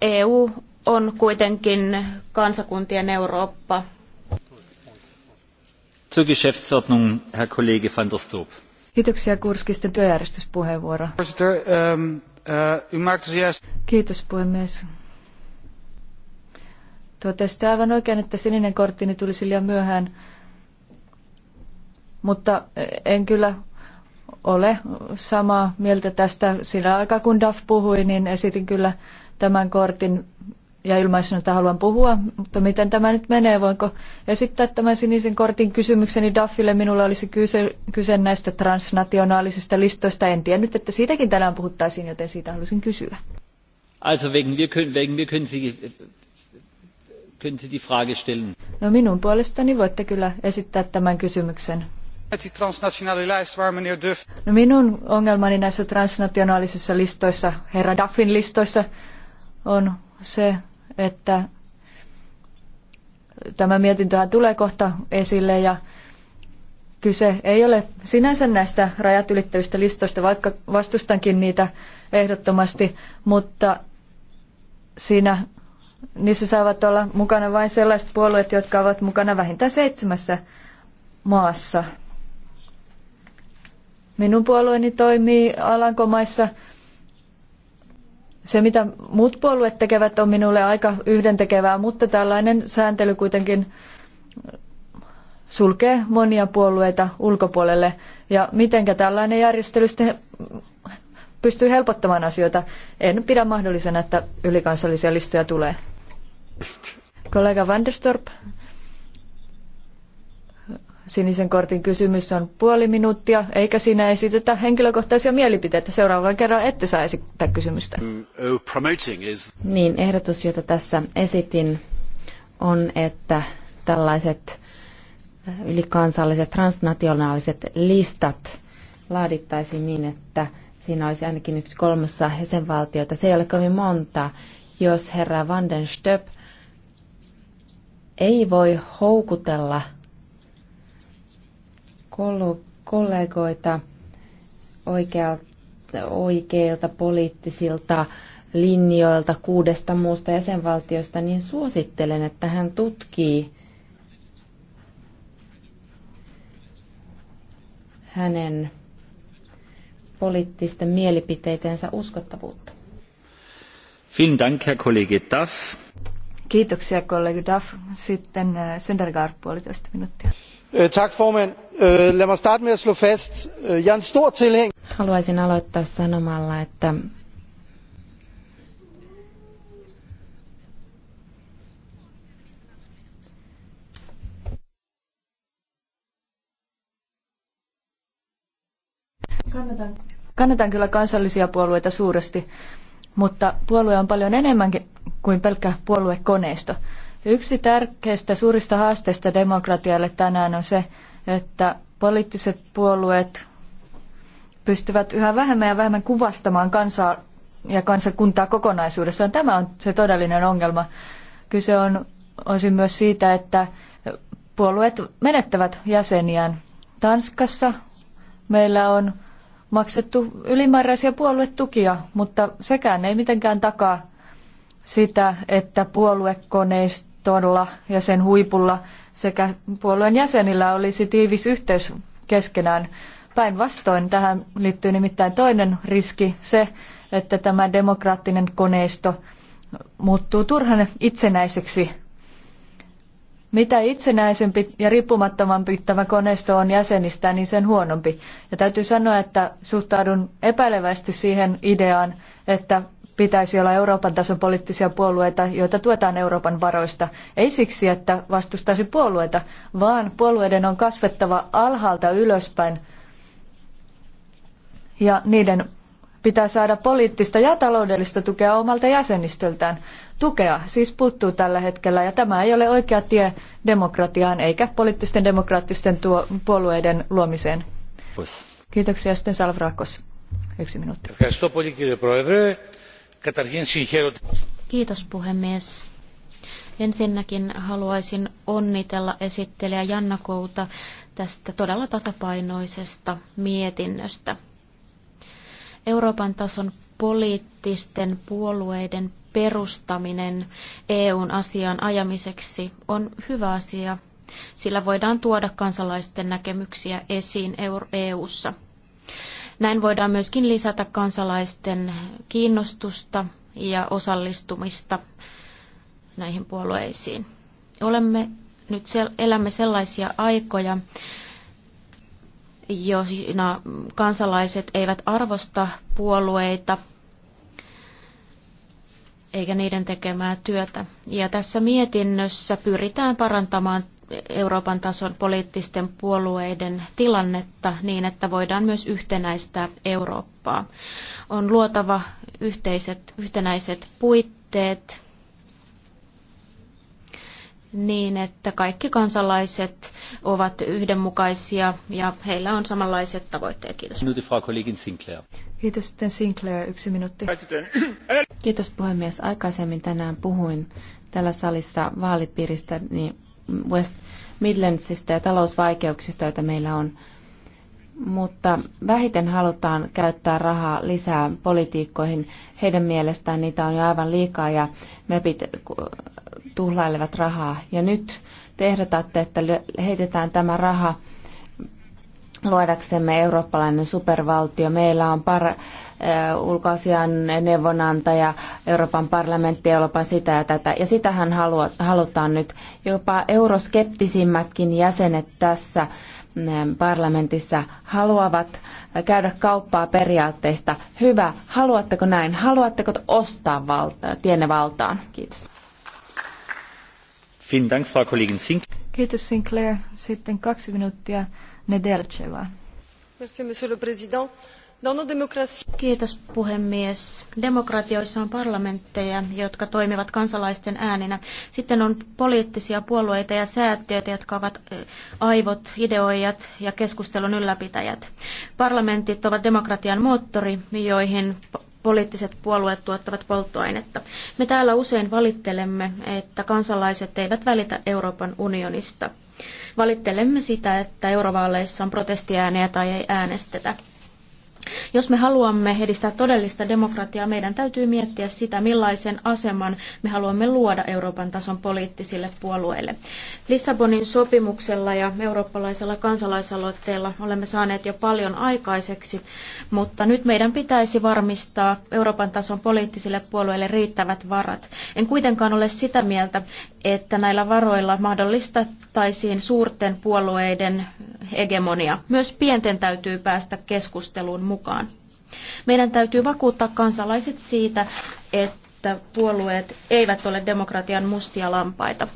EU on kuitenkin kansakuntien Eurooppa. Zur Geschäftsordnung, Herr Kollege van der Stoop. Kiitoksia Kurskisten työjärjestyspuheenvuoro. Ehm, eh, Kiitos puhemies. Totesitte aivan oikein, että sininen korttini tulisi liian myöhään mutta e, en kyllä ole samaa mieltä tästä. Sillä aikaa kun Duff puhui, niin esitin kyllä tämän kortin ja ilmaisin, että haluan puhua, mutta miten tämä nyt menee? Voinko esittää tämän sinisen kortin kysymykseni Daffille? Minulla olisi kyse, kyse näistä transnationaalisista listoista. En tiennyt, että siitäkin tänään puhuttaisiin, joten siitä halusin kysyä. Also wegen wir können, wegen wir können Sie, können Sie die Frage stellen. No minun puolestani voitte kyllä esittää tämän kysymyksen. No minun ongelmani näissä transnationaalisissa listoissa, herra Duffin listoissa, on se, että tämä mietintöhän tulee kohta esille ja kyse ei ole sinänsä näistä rajat ylittävistä listoista, vaikka vastustankin niitä ehdottomasti, mutta siinä niissä saavat olla mukana vain sellaiset puolueet, jotka ovat mukana vähintään seitsemässä maassa. Minun puolueeni toimii Alankomaissa. Se, mitä muut puolueet tekevät, on minulle aika yhdentekevää, mutta tällainen sääntely kuitenkin sulkee monia puolueita ulkopuolelle. Ja mitenkä tällainen järjestely sitten pystyy helpottamaan asioita. En pidä mahdollisena, että ylikansallisia listoja tulee. Kollega Vanderstorp. Sinisen kortin kysymys on puoli minuuttia, eikä siinä esitetä henkilökohtaisia mielipiteitä. Seuraavalla kerralla ette saa esittää kysymystä. Mm, oh, niin, ehdotus, jota tässä esitin, on, että tällaiset äh, ylikansalliset transnationaaliset listat laadittaisiin niin, että siinä olisi ainakin yksi kolmossa jäsenvaltioita. Se ei ole kovin monta, jos herra Van den ei voi houkutella – kollegoita oikealta, oikeilta poliittisilta linjoilta kuudesta muusta jäsenvaltiosta, niin suosittelen, että hän tutkii hänen poliittisten mielipiteitensä uskottavuutta. Vielen Dank, Herr Kollege Duff. Kiitoksia kollega Duff. Sitten äh, Söndergaard puolitoista minuuttia. Tak formand. Lad mig starte med at slå fast. Jeg er en stor tilhæng. Haluaisin aloittaa sanomalla, että Kannatan, kannatan kyllä kansallisia puolueita suuresti mutta puolue on paljon enemmänkin kuin pelkkä puoluekoneisto. Yksi tärkeistä suurista haasteista demokratialle tänään on se, että poliittiset puolueet pystyvät yhä vähemmän ja vähemmän kuvastamaan kansaa ja kansakuntaa kokonaisuudessaan. Tämä on se todellinen ongelma. Kyse on osin myös siitä, että puolueet menettävät jäseniään. Tanskassa meillä on maksettu ylimääräisiä puoluetukia, mutta sekään ei mitenkään takaa sitä, että puoluekoneistolla ja sen huipulla sekä puolueen jäsenillä olisi tiivis yhteys keskenään. Päinvastoin tähän liittyy nimittäin toinen riski, se, että tämä demokraattinen koneisto muuttuu turhan itsenäiseksi mitä itsenäisempi ja riippumattomampi tämä koneisto on jäsenistään, niin sen huonompi. Ja täytyy sanoa, että suhtaudun epäilevästi siihen ideaan, että pitäisi olla Euroopan tason poliittisia puolueita, joita tuetaan Euroopan varoista. Ei siksi, että vastustaisi puolueita, vaan puolueiden on kasvettava alhaalta ylöspäin ja niiden pitää saada poliittista ja taloudellista tukea omalta jäsenistöltään. Tukea siis puuttuu tällä hetkellä ja tämä ei ole oikea tie demokratiaan eikä poliittisten demokraattisten tuo, puolueiden luomiseen. Kiitoksia sitten Salvrakos. Yksi minuutti. Kiitos puhemies. Ensinnäkin haluaisin onnitella esittelijä Janna Kouta tästä todella tasapainoisesta mietinnöstä. Euroopan tason poliittisten puolueiden perustaminen EUn asian ajamiseksi on hyvä asia, sillä voidaan tuoda kansalaisten näkemyksiä esiin EU:ssa. Näin voidaan myöskin lisätä kansalaisten kiinnostusta ja osallistumista näihin puolueisiin. Olemme nyt elämme sellaisia aikoja, joina kansalaiset eivät arvosta puolueita eikä niiden tekemää työtä. Ja tässä mietinnössä pyritään parantamaan Euroopan tason poliittisten puolueiden tilannetta niin, että voidaan myös yhtenäistää Eurooppaa. On luotava yhteiset, yhtenäiset puitteet niin, että kaikki kansalaiset ovat yhdenmukaisia ja heillä on samanlaiset tavoitteet. Kiitos. Sinclair. Kiitos sitten Sinclair, yksi minuutti. Kiitos puhemies. Aikaisemmin tänään puhuin tällä salissa vaalipiiristä niin West Midlandsista ja talousvaikeuksista, joita meillä on. Mutta vähiten halutaan käyttää rahaa lisää politiikkoihin. Heidän mielestään niitä on jo aivan liikaa ja MEPit tuhlailevat rahaa. Ja nyt te ehdotatte, että heitetään tämä raha luodaksemme eurooppalainen supervaltio. Meillä on par, äh, ulkoasian neuvonantaja, Euroopan parlamentti, Euroopan sitä ja tätä. Ja sitähän halua, halutaan nyt. Jopa euroskeptisimmätkin jäsenet tässä mm, parlamentissa haluavat käydä kauppaa periaatteista. Hyvä, haluatteko näin? Haluatteko ostaa valta, tienne valtaan? Kiitos monsieur le président. Kiitos puhemies. Demokratioissa on parlamentteja, jotka toimivat kansalaisten ääninä. Sitten on poliittisia puolueita ja säätiöitä, jotka ovat aivot, ideoijat ja keskustelun ylläpitäjät. Parlamentit ovat demokratian moottori, joihin poliittiset puolueet tuottavat polttoainetta. Me täällä usein valittelemme, että kansalaiset eivät välitä Euroopan unionista. Valittelemme sitä, että eurovaaleissa on protestiääniä tai ei äänestetä. Jos me haluamme edistää todellista demokratiaa, meidän täytyy miettiä sitä, millaisen aseman me haluamme luoda Euroopan tason poliittisille puolueille. Lissabonin sopimuksella ja eurooppalaisella kansalaisaloitteella olemme saaneet jo paljon aikaiseksi, mutta nyt meidän pitäisi varmistaa Euroopan tason poliittisille puolueille riittävät varat. En kuitenkaan ole sitä mieltä, että näillä varoilla mahdollistettaisiin suurten puolueiden hegemonia. Myös pienten täytyy päästä keskusteluun mukaan mukaan. Meidän täytyy vakuuttaa kansalaiset siitä, että puolueet eivät ole demokratian mustia lampaita.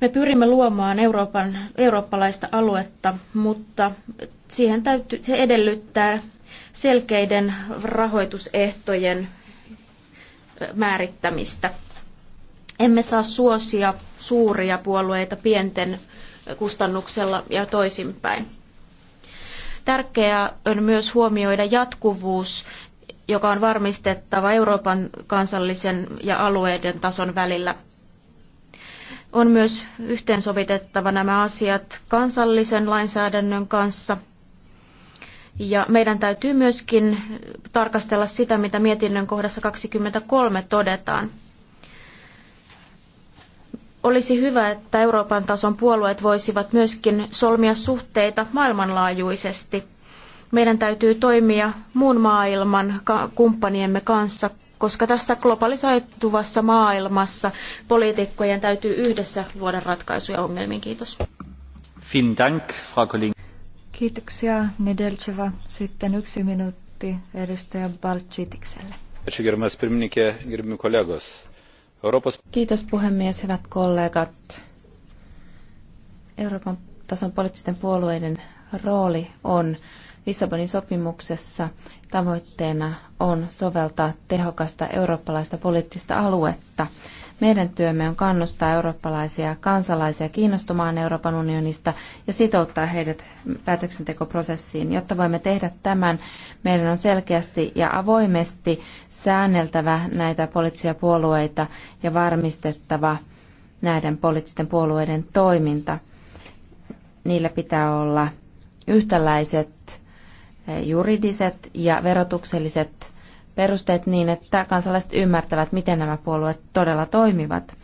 Me pyrimme luomaan Euroopan, eurooppalaista aluetta, mutta siihen täytyy, se edellyttää selkeiden rahoitusehtojen määrittämistä. Emme saa suosia suuria puolueita pienten kustannuksella ja toisinpäin. Tärkeää on myös huomioida jatkuvuus, joka on varmistettava Euroopan kansallisen ja alueiden tason välillä. On myös yhteensovitettava nämä asiat kansallisen lainsäädännön kanssa. Ja meidän täytyy myöskin tarkastella sitä, mitä mietinnön kohdassa 23 todetaan. Olisi hyvä, että Euroopan tason puolueet voisivat myöskin solmia suhteita maailmanlaajuisesti. Meidän täytyy toimia muun maailman kumppaniemme kanssa, koska tässä globalisoituvassa maailmassa poliitikkojen täytyy yhdessä luoda ratkaisuja ongelmiin. Kiitos. Dank, Frau Kiitoksia, Nedelcheva. Sitten yksi minuutti edustaja Balchitikselle. Ačiū, gerbiamas pirmininkė, gerbiami kolegos. Kiitos puhemies, hyvät kollegat. Euroopan tason poliittisten puolueiden rooli on Lissabonin sopimuksessa tavoitteena on soveltaa tehokasta eurooppalaista poliittista aluetta. Meidän työmme on kannustaa eurooppalaisia kansalaisia kiinnostumaan Euroopan unionista ja sitouttaa heidät päätöksentekoprosessiin. Jotta voimme tehdä tämän, meidän on selkeästi ja avoimesti säänneltävä näitä poliittisia puolueita ja varmistettava näiden poliittisten puolueiden toiminta. Niillä pitää olla yhtäläiset eh, juridiset ja verotukselliset perusteet niin, että kansalaiset ymmärtävät, miten nämä puolueet todella toimivat.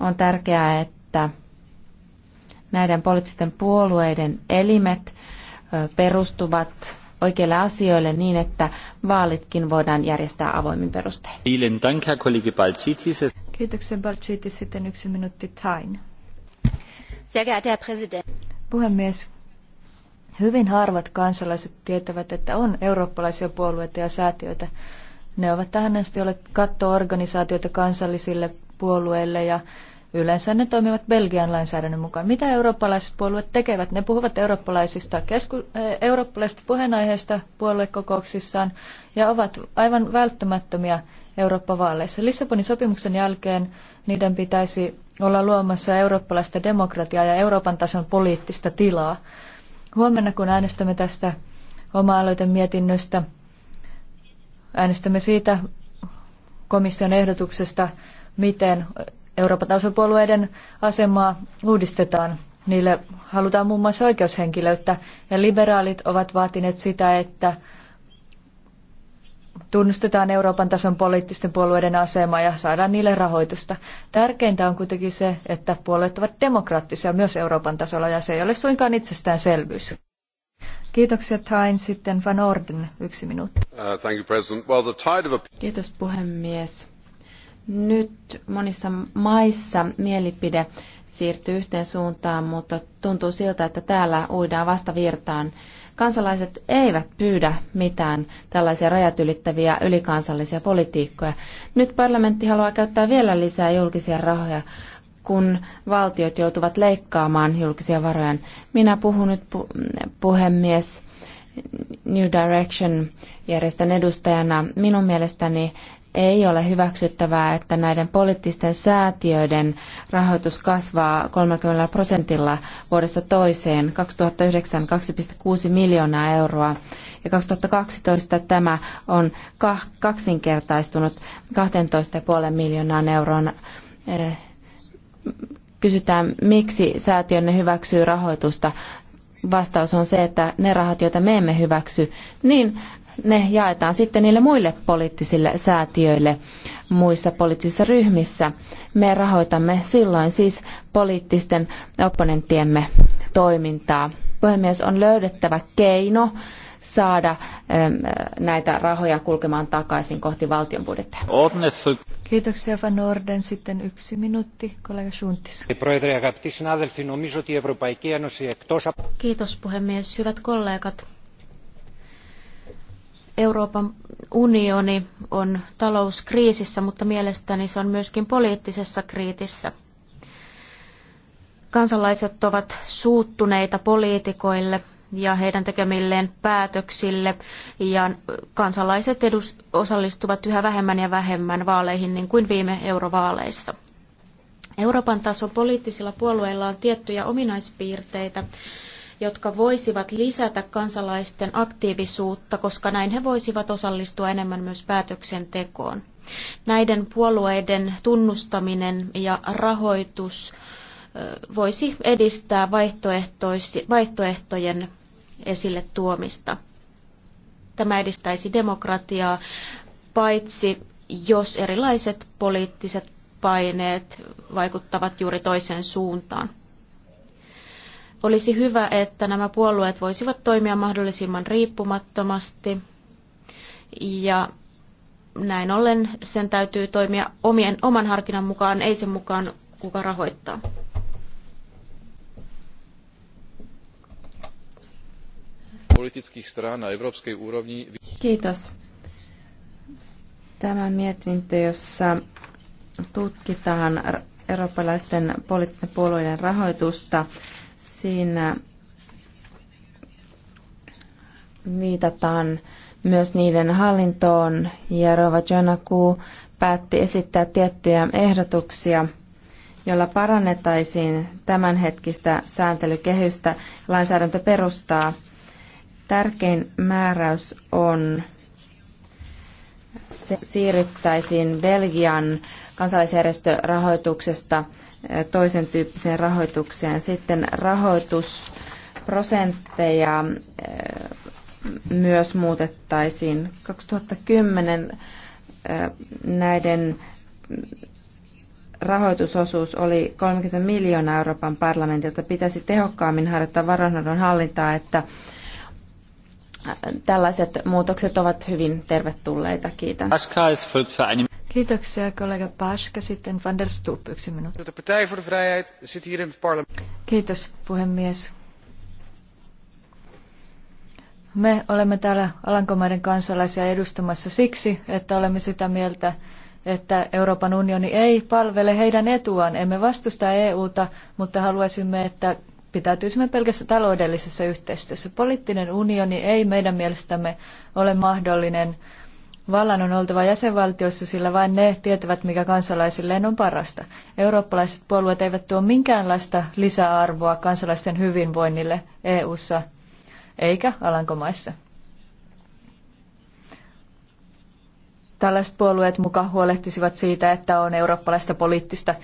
On tärkeää, että näiden poliittisten puolueiden elimet perustuvat oikeille asioille niin, että vaalitkin voidaan järjestää avoimin perustein. Kiitoksia Balcitis. Sitten yksi minuutti Tain. Puhemies, hyvin harvat kansalaiset tietävät, että on eurooppalaisia puolueita ja säätiöitä, ne ovat tähän asti olleet kattoorganisaatioita kansallisille puolueille ja yleensä ne toimivat Belgian lainsäädännön mukaan. Mitä eurooppalaiset puolueet tekevät? Ne puhuvat eurooppalaisista, kesku- eh, eurooppalaisista puheenaiheista puoluekokouksissaan ja ovat aivan välttämättömiä Eurooppa-vaaleissa. Lissabonin sopimuksen jälkeen niiden pitäisi olla luomassa eurooppalaista demokratiaa ja Euroopan tason poliittista tilaa. Huomenna, kun äänestämme tästä oma-aloitemietinnöstä, mietinnöstä, Äänestämme siitä komission ehdotuksesta, miten Euroopan tasopuolueiden asemaa uudistetaan. Niille halutaan muun muassa oikeushenkilöitä ja liberaalit ovat vaatineet sitä, että tunnustetaan Euroopan tason poliittisten puolueiden asema ja saadaan niille rahoitusta. Tärkeintä on kuitenkin se, että puolueet ovat demokraattisia myös Euroopan tasolla ja se ei ole suinkaan itsestäänselvyys. Kiitokset hain sitten Van Orden, yksi minuutti. Uh, Kiitos puhemies. Nyt monissa maissa mielipide siirtyy yhteen suuntaan, mutta tuntuu siltä, että täällä uidaan vastavirtaan. Kansalaiset eivät pyydä mitään tällaisia rajat ylittäviä ylikansallisia politiikkoja. Nyt parlamentti haluaa käyttää vielä lisää julkisia rahoja kun valtiot joutuvat leikkaamaan julkisia varoja, Minä puhun nyt pu- puhemies New Direction-järjestön edustajana. Minun mielestäni ei ole hyväksyttävää, että näiden poliittisten säätiöiden rahoitus kasvaa 30 prosentilla vuodesta toiseen, 2009 2,6 miljoonaa euroa ja 2012 tämä on kaksinkertaistunut 12,5 miljoonaan euroon. Eh, kysytään, miksi säätiönne hyväksyy rahoitusta, vastaus on se, että ne rahat, joita me emme hyväksy, niin ne jaetaan sitten niille muille poliittisille säätiöille muissa poliittisissa ryhmissä. Me rahoitamme silloin siis poliittisten opponenttiemme toimintaa. Puhemies, on löydettävä keino saada ähm, näitä rahoja kulkemaan takaisin kohti valtion budjettia. Kiitoksia Van Orden. Sitten yksi minuutti, kollega Schuntis. Kiitos puhemies. Hyvät kollegat. Euroopan unioni on talouskriisissä, mutta mielestäni se on myöskin poliittisessa kriitissä. Kansalaiset ovat suuttuneita poliitikoille ja heidän tekemilleen päätöksille. Ja kansalaiset edus, osallistuvat yhä vähemmän ja vähemmän vaaleihin niin kuin viime eurovaaleissa. Euroopan tason poliittisilla puolueilla on tiettyjä ominaispiirteitä, jotka voisivat lisätä kansalaisten aktiivisuutta, koska näin he voisivat osallistua enemmän myös päätöksentekoon. Näiden puolueiden tunnustaminen ja rahoitus voisi edistää vaihtoehtojen esille tuomista. Tämä edistäisi demokratiaa, paitsi jos erilaiset poliittiset paineet vaikuttavat juuri toiseen suuntaan. Olisi hyvä, että nämä puolueet voisivat toimia mahdollisimman riippumattomasti ja näin ollen sen täytyy toimia omien, oman harkinnan mukaan, ei sen mukaan kuka rahoittaa. politických strán na európskej úrovni... Kiitos. Tämä mietintö, jossa tutkitaan eurooppalaisten poliittisten puolueiden rahoitusta, siinä viitataan myös niiden hallintoon ja Rova Jonaku päätti esittää tiettyjä ehdotuksia, joilla parannettaisiin tämänhetkistä sääntelykehystä lainsäädäntöperustaa Tärkein määräys on, se siirryttäisiin Belgian kansalaisjärjestörahoituksesta toisen tyyppiseen rahoitukseen. Sitten rahoitusprosentteja myös muutettaisiin. 2010 näiden rahoitusosuus oli 30 miljoonaa Euroopan parlamentilta. Pitäisi tehokkaammin harjoittaa varainhoidon hallintaa, että tällaiset muutokset ovat hyvin tervetulleita. Kiitän. Kiitoksia kollega Paska. Sitten van der Stoep, yksi minuutti. Partij voor de Vrijheid Kiitos puhemies. Me olemme täällä Alankomaiden kansalaisia edustamassa siksi, että olemme sitä mieltä, että Euroopan unioni ei palvele heidän etuaan. Emme vastusta EUta, mutta haluaisimme, että pitäytyisimme pelkässä taloudellisessa yhteistyössä. Poliittinen unioni ei meidän mielestämme ole mahdollinen. Vallan on oltava jäsenvaltioissa, sillä vain ne tietävät, mikä kansalaisilleen on parasta. Eurooppalaiset puolueet eivät tuo minkäänlaista lisäarvoa kansalaisten hyvinvoinnille EU-ssa eikä Alankomaissa. Tällaiset puolueet muka huolehtisivat siitä, että on eurooppalaista poliittista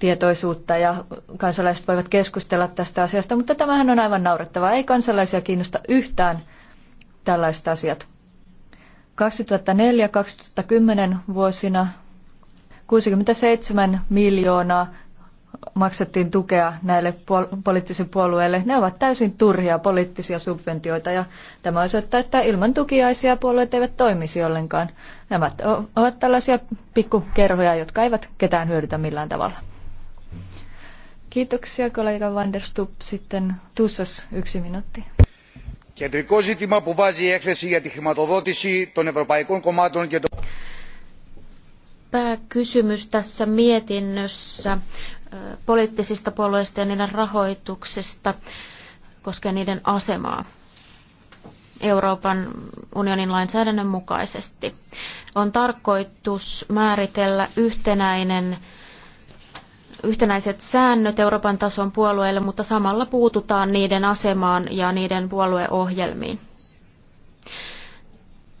tietoisuutta ja kansalaiset voivat keskustella tästä asiasta, mutta tämähän on aivan naurettavaa. Ei kansalaisia kiinnosta yhtään tällaiset asiat. 2004-2010 vuosina 67 miljoonaa maksettiin tukea näille puol- poliittisille puolueille. Ne ovat täysin turhia poliittisia subventioita ja tämä osoittaa, että ilman tukiaisia puolueet eivät toimisi ollenkaan. Nämä ovat tällaisia pikkukerhoja, jotka eivät ketään hyödytä millään tavalla. Kiitoksia kollega Van Sitten Tussas yksi minuutti. Κεντρικό ζήτημα που βάζει η έκθεση για τη χρηματοδότηση των ευρωπαϊκών κομμάτων και των... Pääkysymys tässä mietinnössä poliittisista puolueista ja niiden rahoituksesta koskee niiden asemaa Euroopan unionin lainsäädännön mukaisesti. On tarkoitus määritellä yhtenäinen yhtenäiset säännöt Euroopan tason puolueille, mutta samalla puututaan niiden asemaan ja niiden puolueohjelmiin.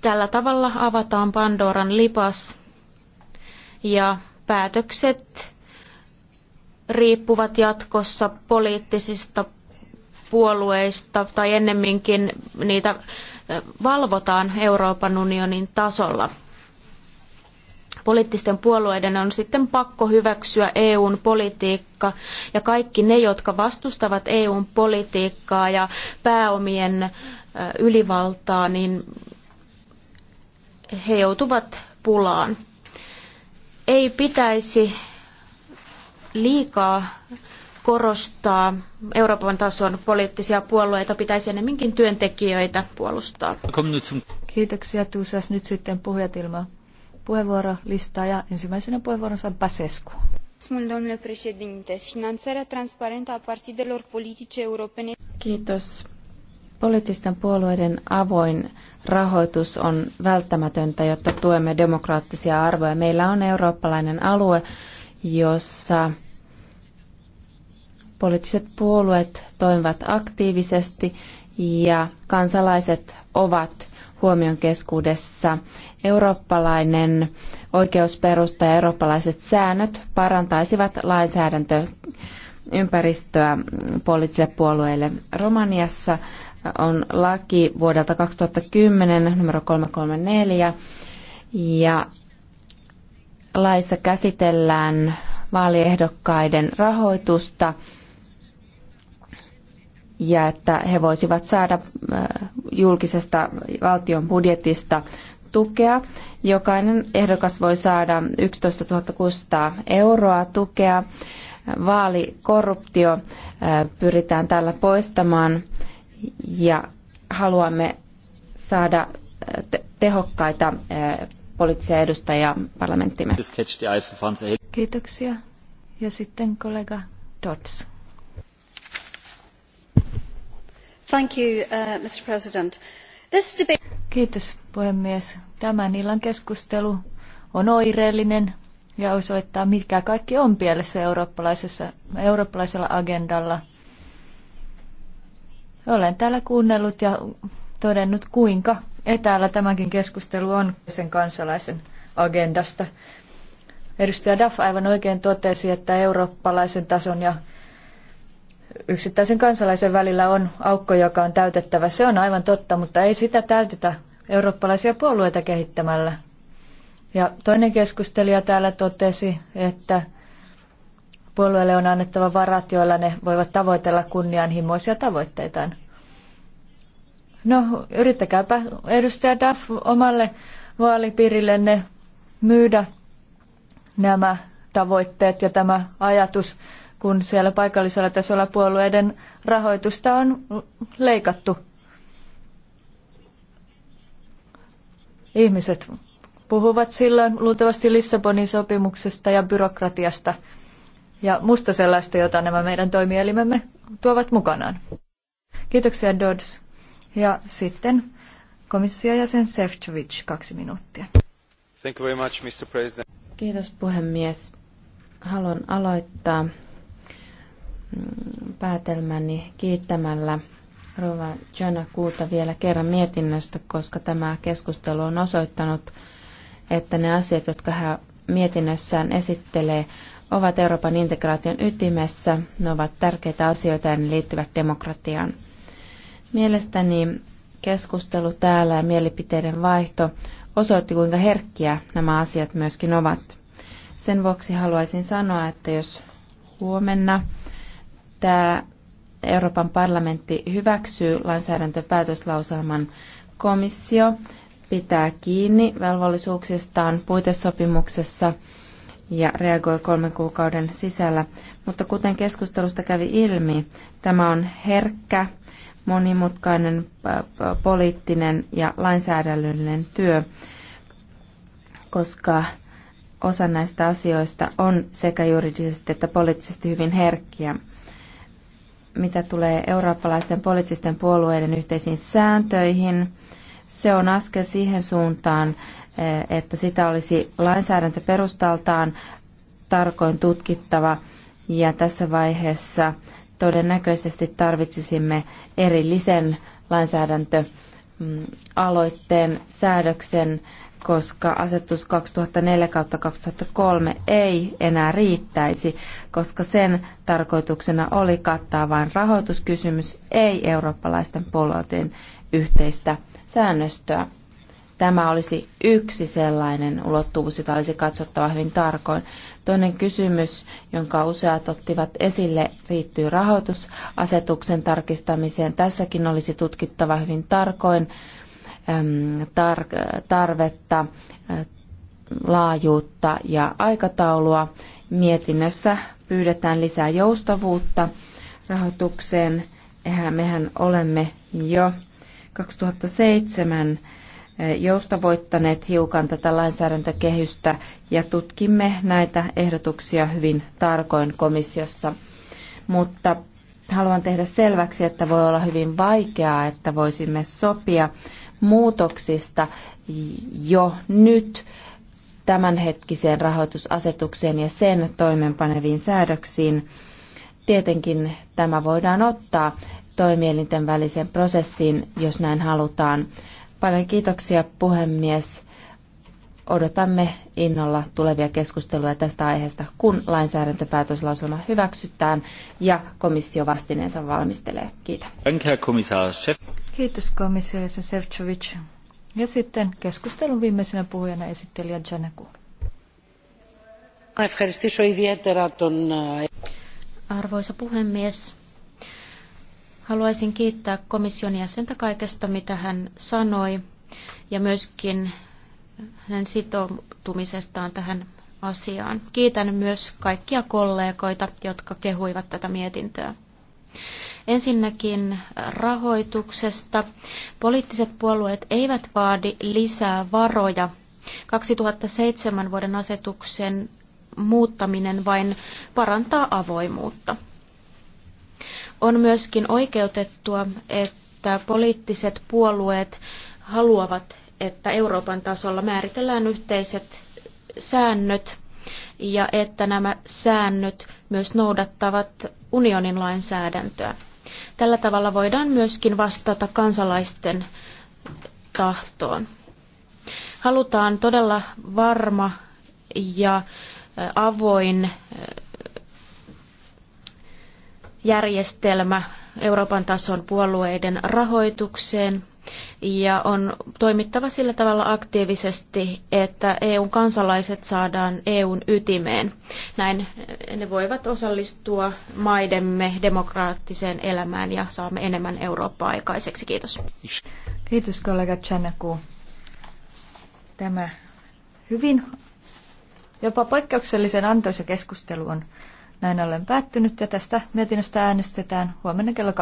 Tällä tavalla avataan Pandoran lipas ja päätökset riippuvat jatkossa poliittisista puolueista tai ennemminkin niitä valvotaan Euroopan unionin tasolla poliittisten puolueiden on sitten pakko hyväksyä EUn politiikka ja kaikki ne, jotka vastustavat EUn politiikkaa ja pääomien ylivaltaa, niin he joutuvat pulaan. Ei pitäisi liikaa korostaa Euroopan tason poliittisia puolueita, pitäisi enemmänkin työntekijöitä puolustaa. Kiitoksia Tuusas. Nyt sitten puhujat puheenvuorolistaa ja ensimmäisenä puheenvuoronsa on Pasescu. Finanțarea transparentă a partidelor politice europene. Kiitos. Poliittisten puolueiden avoin rahoitus on välttämätöntä, jotta tuemme demokraattisia arvoja. Meillä on eurooppalainen alue, jossa poliittiset puolueet toimivat aktiivisesti ja kansalaiset ovat huomion keskuudessa Eurooppalainen oikeusperusta ja eurooppalaiset säännöt parantaisivat lainsäädäntö ympäristöä poliittisille puolueille. Romaniassa on laki vuodelta 2010 numero 334 ja laissa käsitellään vaaliehdokkaiden rahoitusta ja että he voisivat saada äh, julkisesta valtion budjetista tukea. Jokainen ehdokas voi saada 11 600 euroa tukea. Vaalikorruptio äh, pyritään tällä poistamaan ja haluamme saada äh, tehokkaita äh, poliittisia edustajia parlamenttimme. Kiitoksia. Ja sitten kollega Dodds. Thank you, uh, Mr. President. Kiitos puhemies. Tämän illan keskustelu on oireellinen ja osoittaa, mikä kaikki on pielessä eurooppalaisessa, eurooppalaisella agendalla. Olen täällä kuunnellut ja todennut, kuinka etäällä tämänkin keskustelu on sen kansalaisen agendasta. Edustaja Duff aivan oikein totesi, että eurooppalaisen tason ja yksittäisen kansalaisen välillä on aukko, joka on täytettävä. Se on aivan totta, mutta ei sitä täytetä eurooppalaisia puolueita kehittämällä. Ja toinen keskustelija täällä totesi, että puolueelle on annettava varat, joilla ne voivat tavoitella kunnianhimoisia tavoitteitaan. No, yrittäkääpä edustaja Duff omalle vaalipiirillenne myydä nämä tavoitteet ja tämä ajatus kun siellä paikallisella tasolla puolueiden rahoitusta on leikattu. Ihmiset puhuvat silloin luultavasti Lissabonin sopimuksesta ja byrokratiasta ja musta sellaista, jota nämä meidän toimielimemme tuovat mukanaan. Kiitoksia Dodds. Ja sitten komission jäsen Sefcovic, kaksi minuuttia. Thank you very much, Mr. President. Kiitos puhemies. Haluan aloittaa päätelmäni kiittämällä Rova Jana Kuuta vielä kerran mietinnöstä, koska tämä keskustelu on osoittanut, että ne asiat, jotka hän mietinnössään esittelee, ovat Euroopan integraation ytimessä. Ne ovat tärkeitä asioita ja ne liittyvät demokratiaan. Mielestäni keskustelu täällä ja mielipiteiden vaihto osoitti, kuinka herkkiä nämä asiat myöskin ovat. Sen vuoksi haluaisin sanoa, että jos huomenna että Euroopan parlamentti hyväksyy lainsäädäntöpäätöslauselman komissio pitää kiinni velvollisuuksistaan puitesopimuksessa ja reagoi kolmen kuukauden sisällä. Mutta kuten keskustelusta kävi ilmi, tämä on herkkä, monimutkainen poliittinen ja lainsäädännöllinen työ, koska osa näistä asioista on sekä juridisesti että poliittisesti hyvin herkkiä mitä tulee eurooppalaisten poliittisten puolueiden yhteisiin sääntöihin. Se on askel siihen suuntaan, eh, että sitä olisi lainsäädäntöperustaltaan tarkoin tutkittava ja tässä vaiheessa todennäköisesti tarvitsisimme erillisen lainsäädäntöaloitteen säädöksen koska asetus 2004-2003 ei enää riittäisi, koska sen tarkoituksena oli kattaa vain rahoituskysymys, ei eurooppalaisten puolueiden yhteistä säännöstöä. Tämä olisi yksi sellainen ulottuvuus, jota olisi katsottava hyvin tarkoin. Toinen kysymys, jonka useat ottivat esille, liittyy rahoitusasetuksen tarkistamiseen. Tässäkin olisi tutkittava hyvin tarkoin tarvetta, laajuutta ja aikataulua. Mietinnössä pyydetään lisää joustavuutta rahoitukseen. Mehän olemme jo 2007 joustavoittaneet hiukan tätä lainsäädäntökehystä ja tutkimme näitä ehdotuksia hyvin tarkoin komissiossa. Mutta haluan tehdä selväksi, että voi olla hyvin vaikeaa, että voisimme sopia muutoksista jo nyt tämänhetkiseen rahoitusasetukseen ja sen toimeenpaneviin säädöksiin. Tietenkin tämä voidaan ottaa toimielinten väliseen prosessiin, jos näin halutaan. Paljon kiitoksia puhemies. Odotamme innolla tulevia keskusteluja tästä aiheesta, kun lainsäädäntöpäätöslausuma hyväksytään ja komissio vastineensa valmistelee. Kiitos. Kiitos komissio Sefcovic. Ja sitten keskustelun viimeisenä puhujana esittelijä Janaku. Arvoisa puhemies, haluaisin kiittää komission jäsentä kaikesta, mitä hän sanoi, ja myöskin hänen sitoutumisestaan tähän asiaan. Kiitän myös kaikkia kollegoita, jotka kehuivat tätä mietintöä. Ensinnäkin rahoituksesta. Poliittiset puolueet eivät vaadi lisää varoja. 2007 vuoden asetuksen muuttaminen vain parantaa avoimuutta. On myöskin oikeutettua, että poliittiset puolueet haluavat, että Euroopan tasolla määritellään yhteiset säännöt ja että nämä säännöt myös noudattavat unionin lainsäädäntöä. Tällä tavalla voidaan myöskin vastata kansalaisten tahtoon. Halutaan todella varma ja avoin järjestelmä Euroopan tason puolueiden rahoitukseen ja on toimittava sillä tavalla aktiivisesti, että EUn kansalaiset saadaan EUn ytimeen. Näin ne voivat osallistua maidemme demokraattiseen elämään ja saamme enemmän Eurooppaa aikaiseksi. Kiitos. Kiitos kollega Chanaku. Tämä hyvin jopa poikkeuksellisen antoisa keskustelu on näin ollen päättynyt ja tästä mietinnöstä äänestetään huomenna kello kaksi.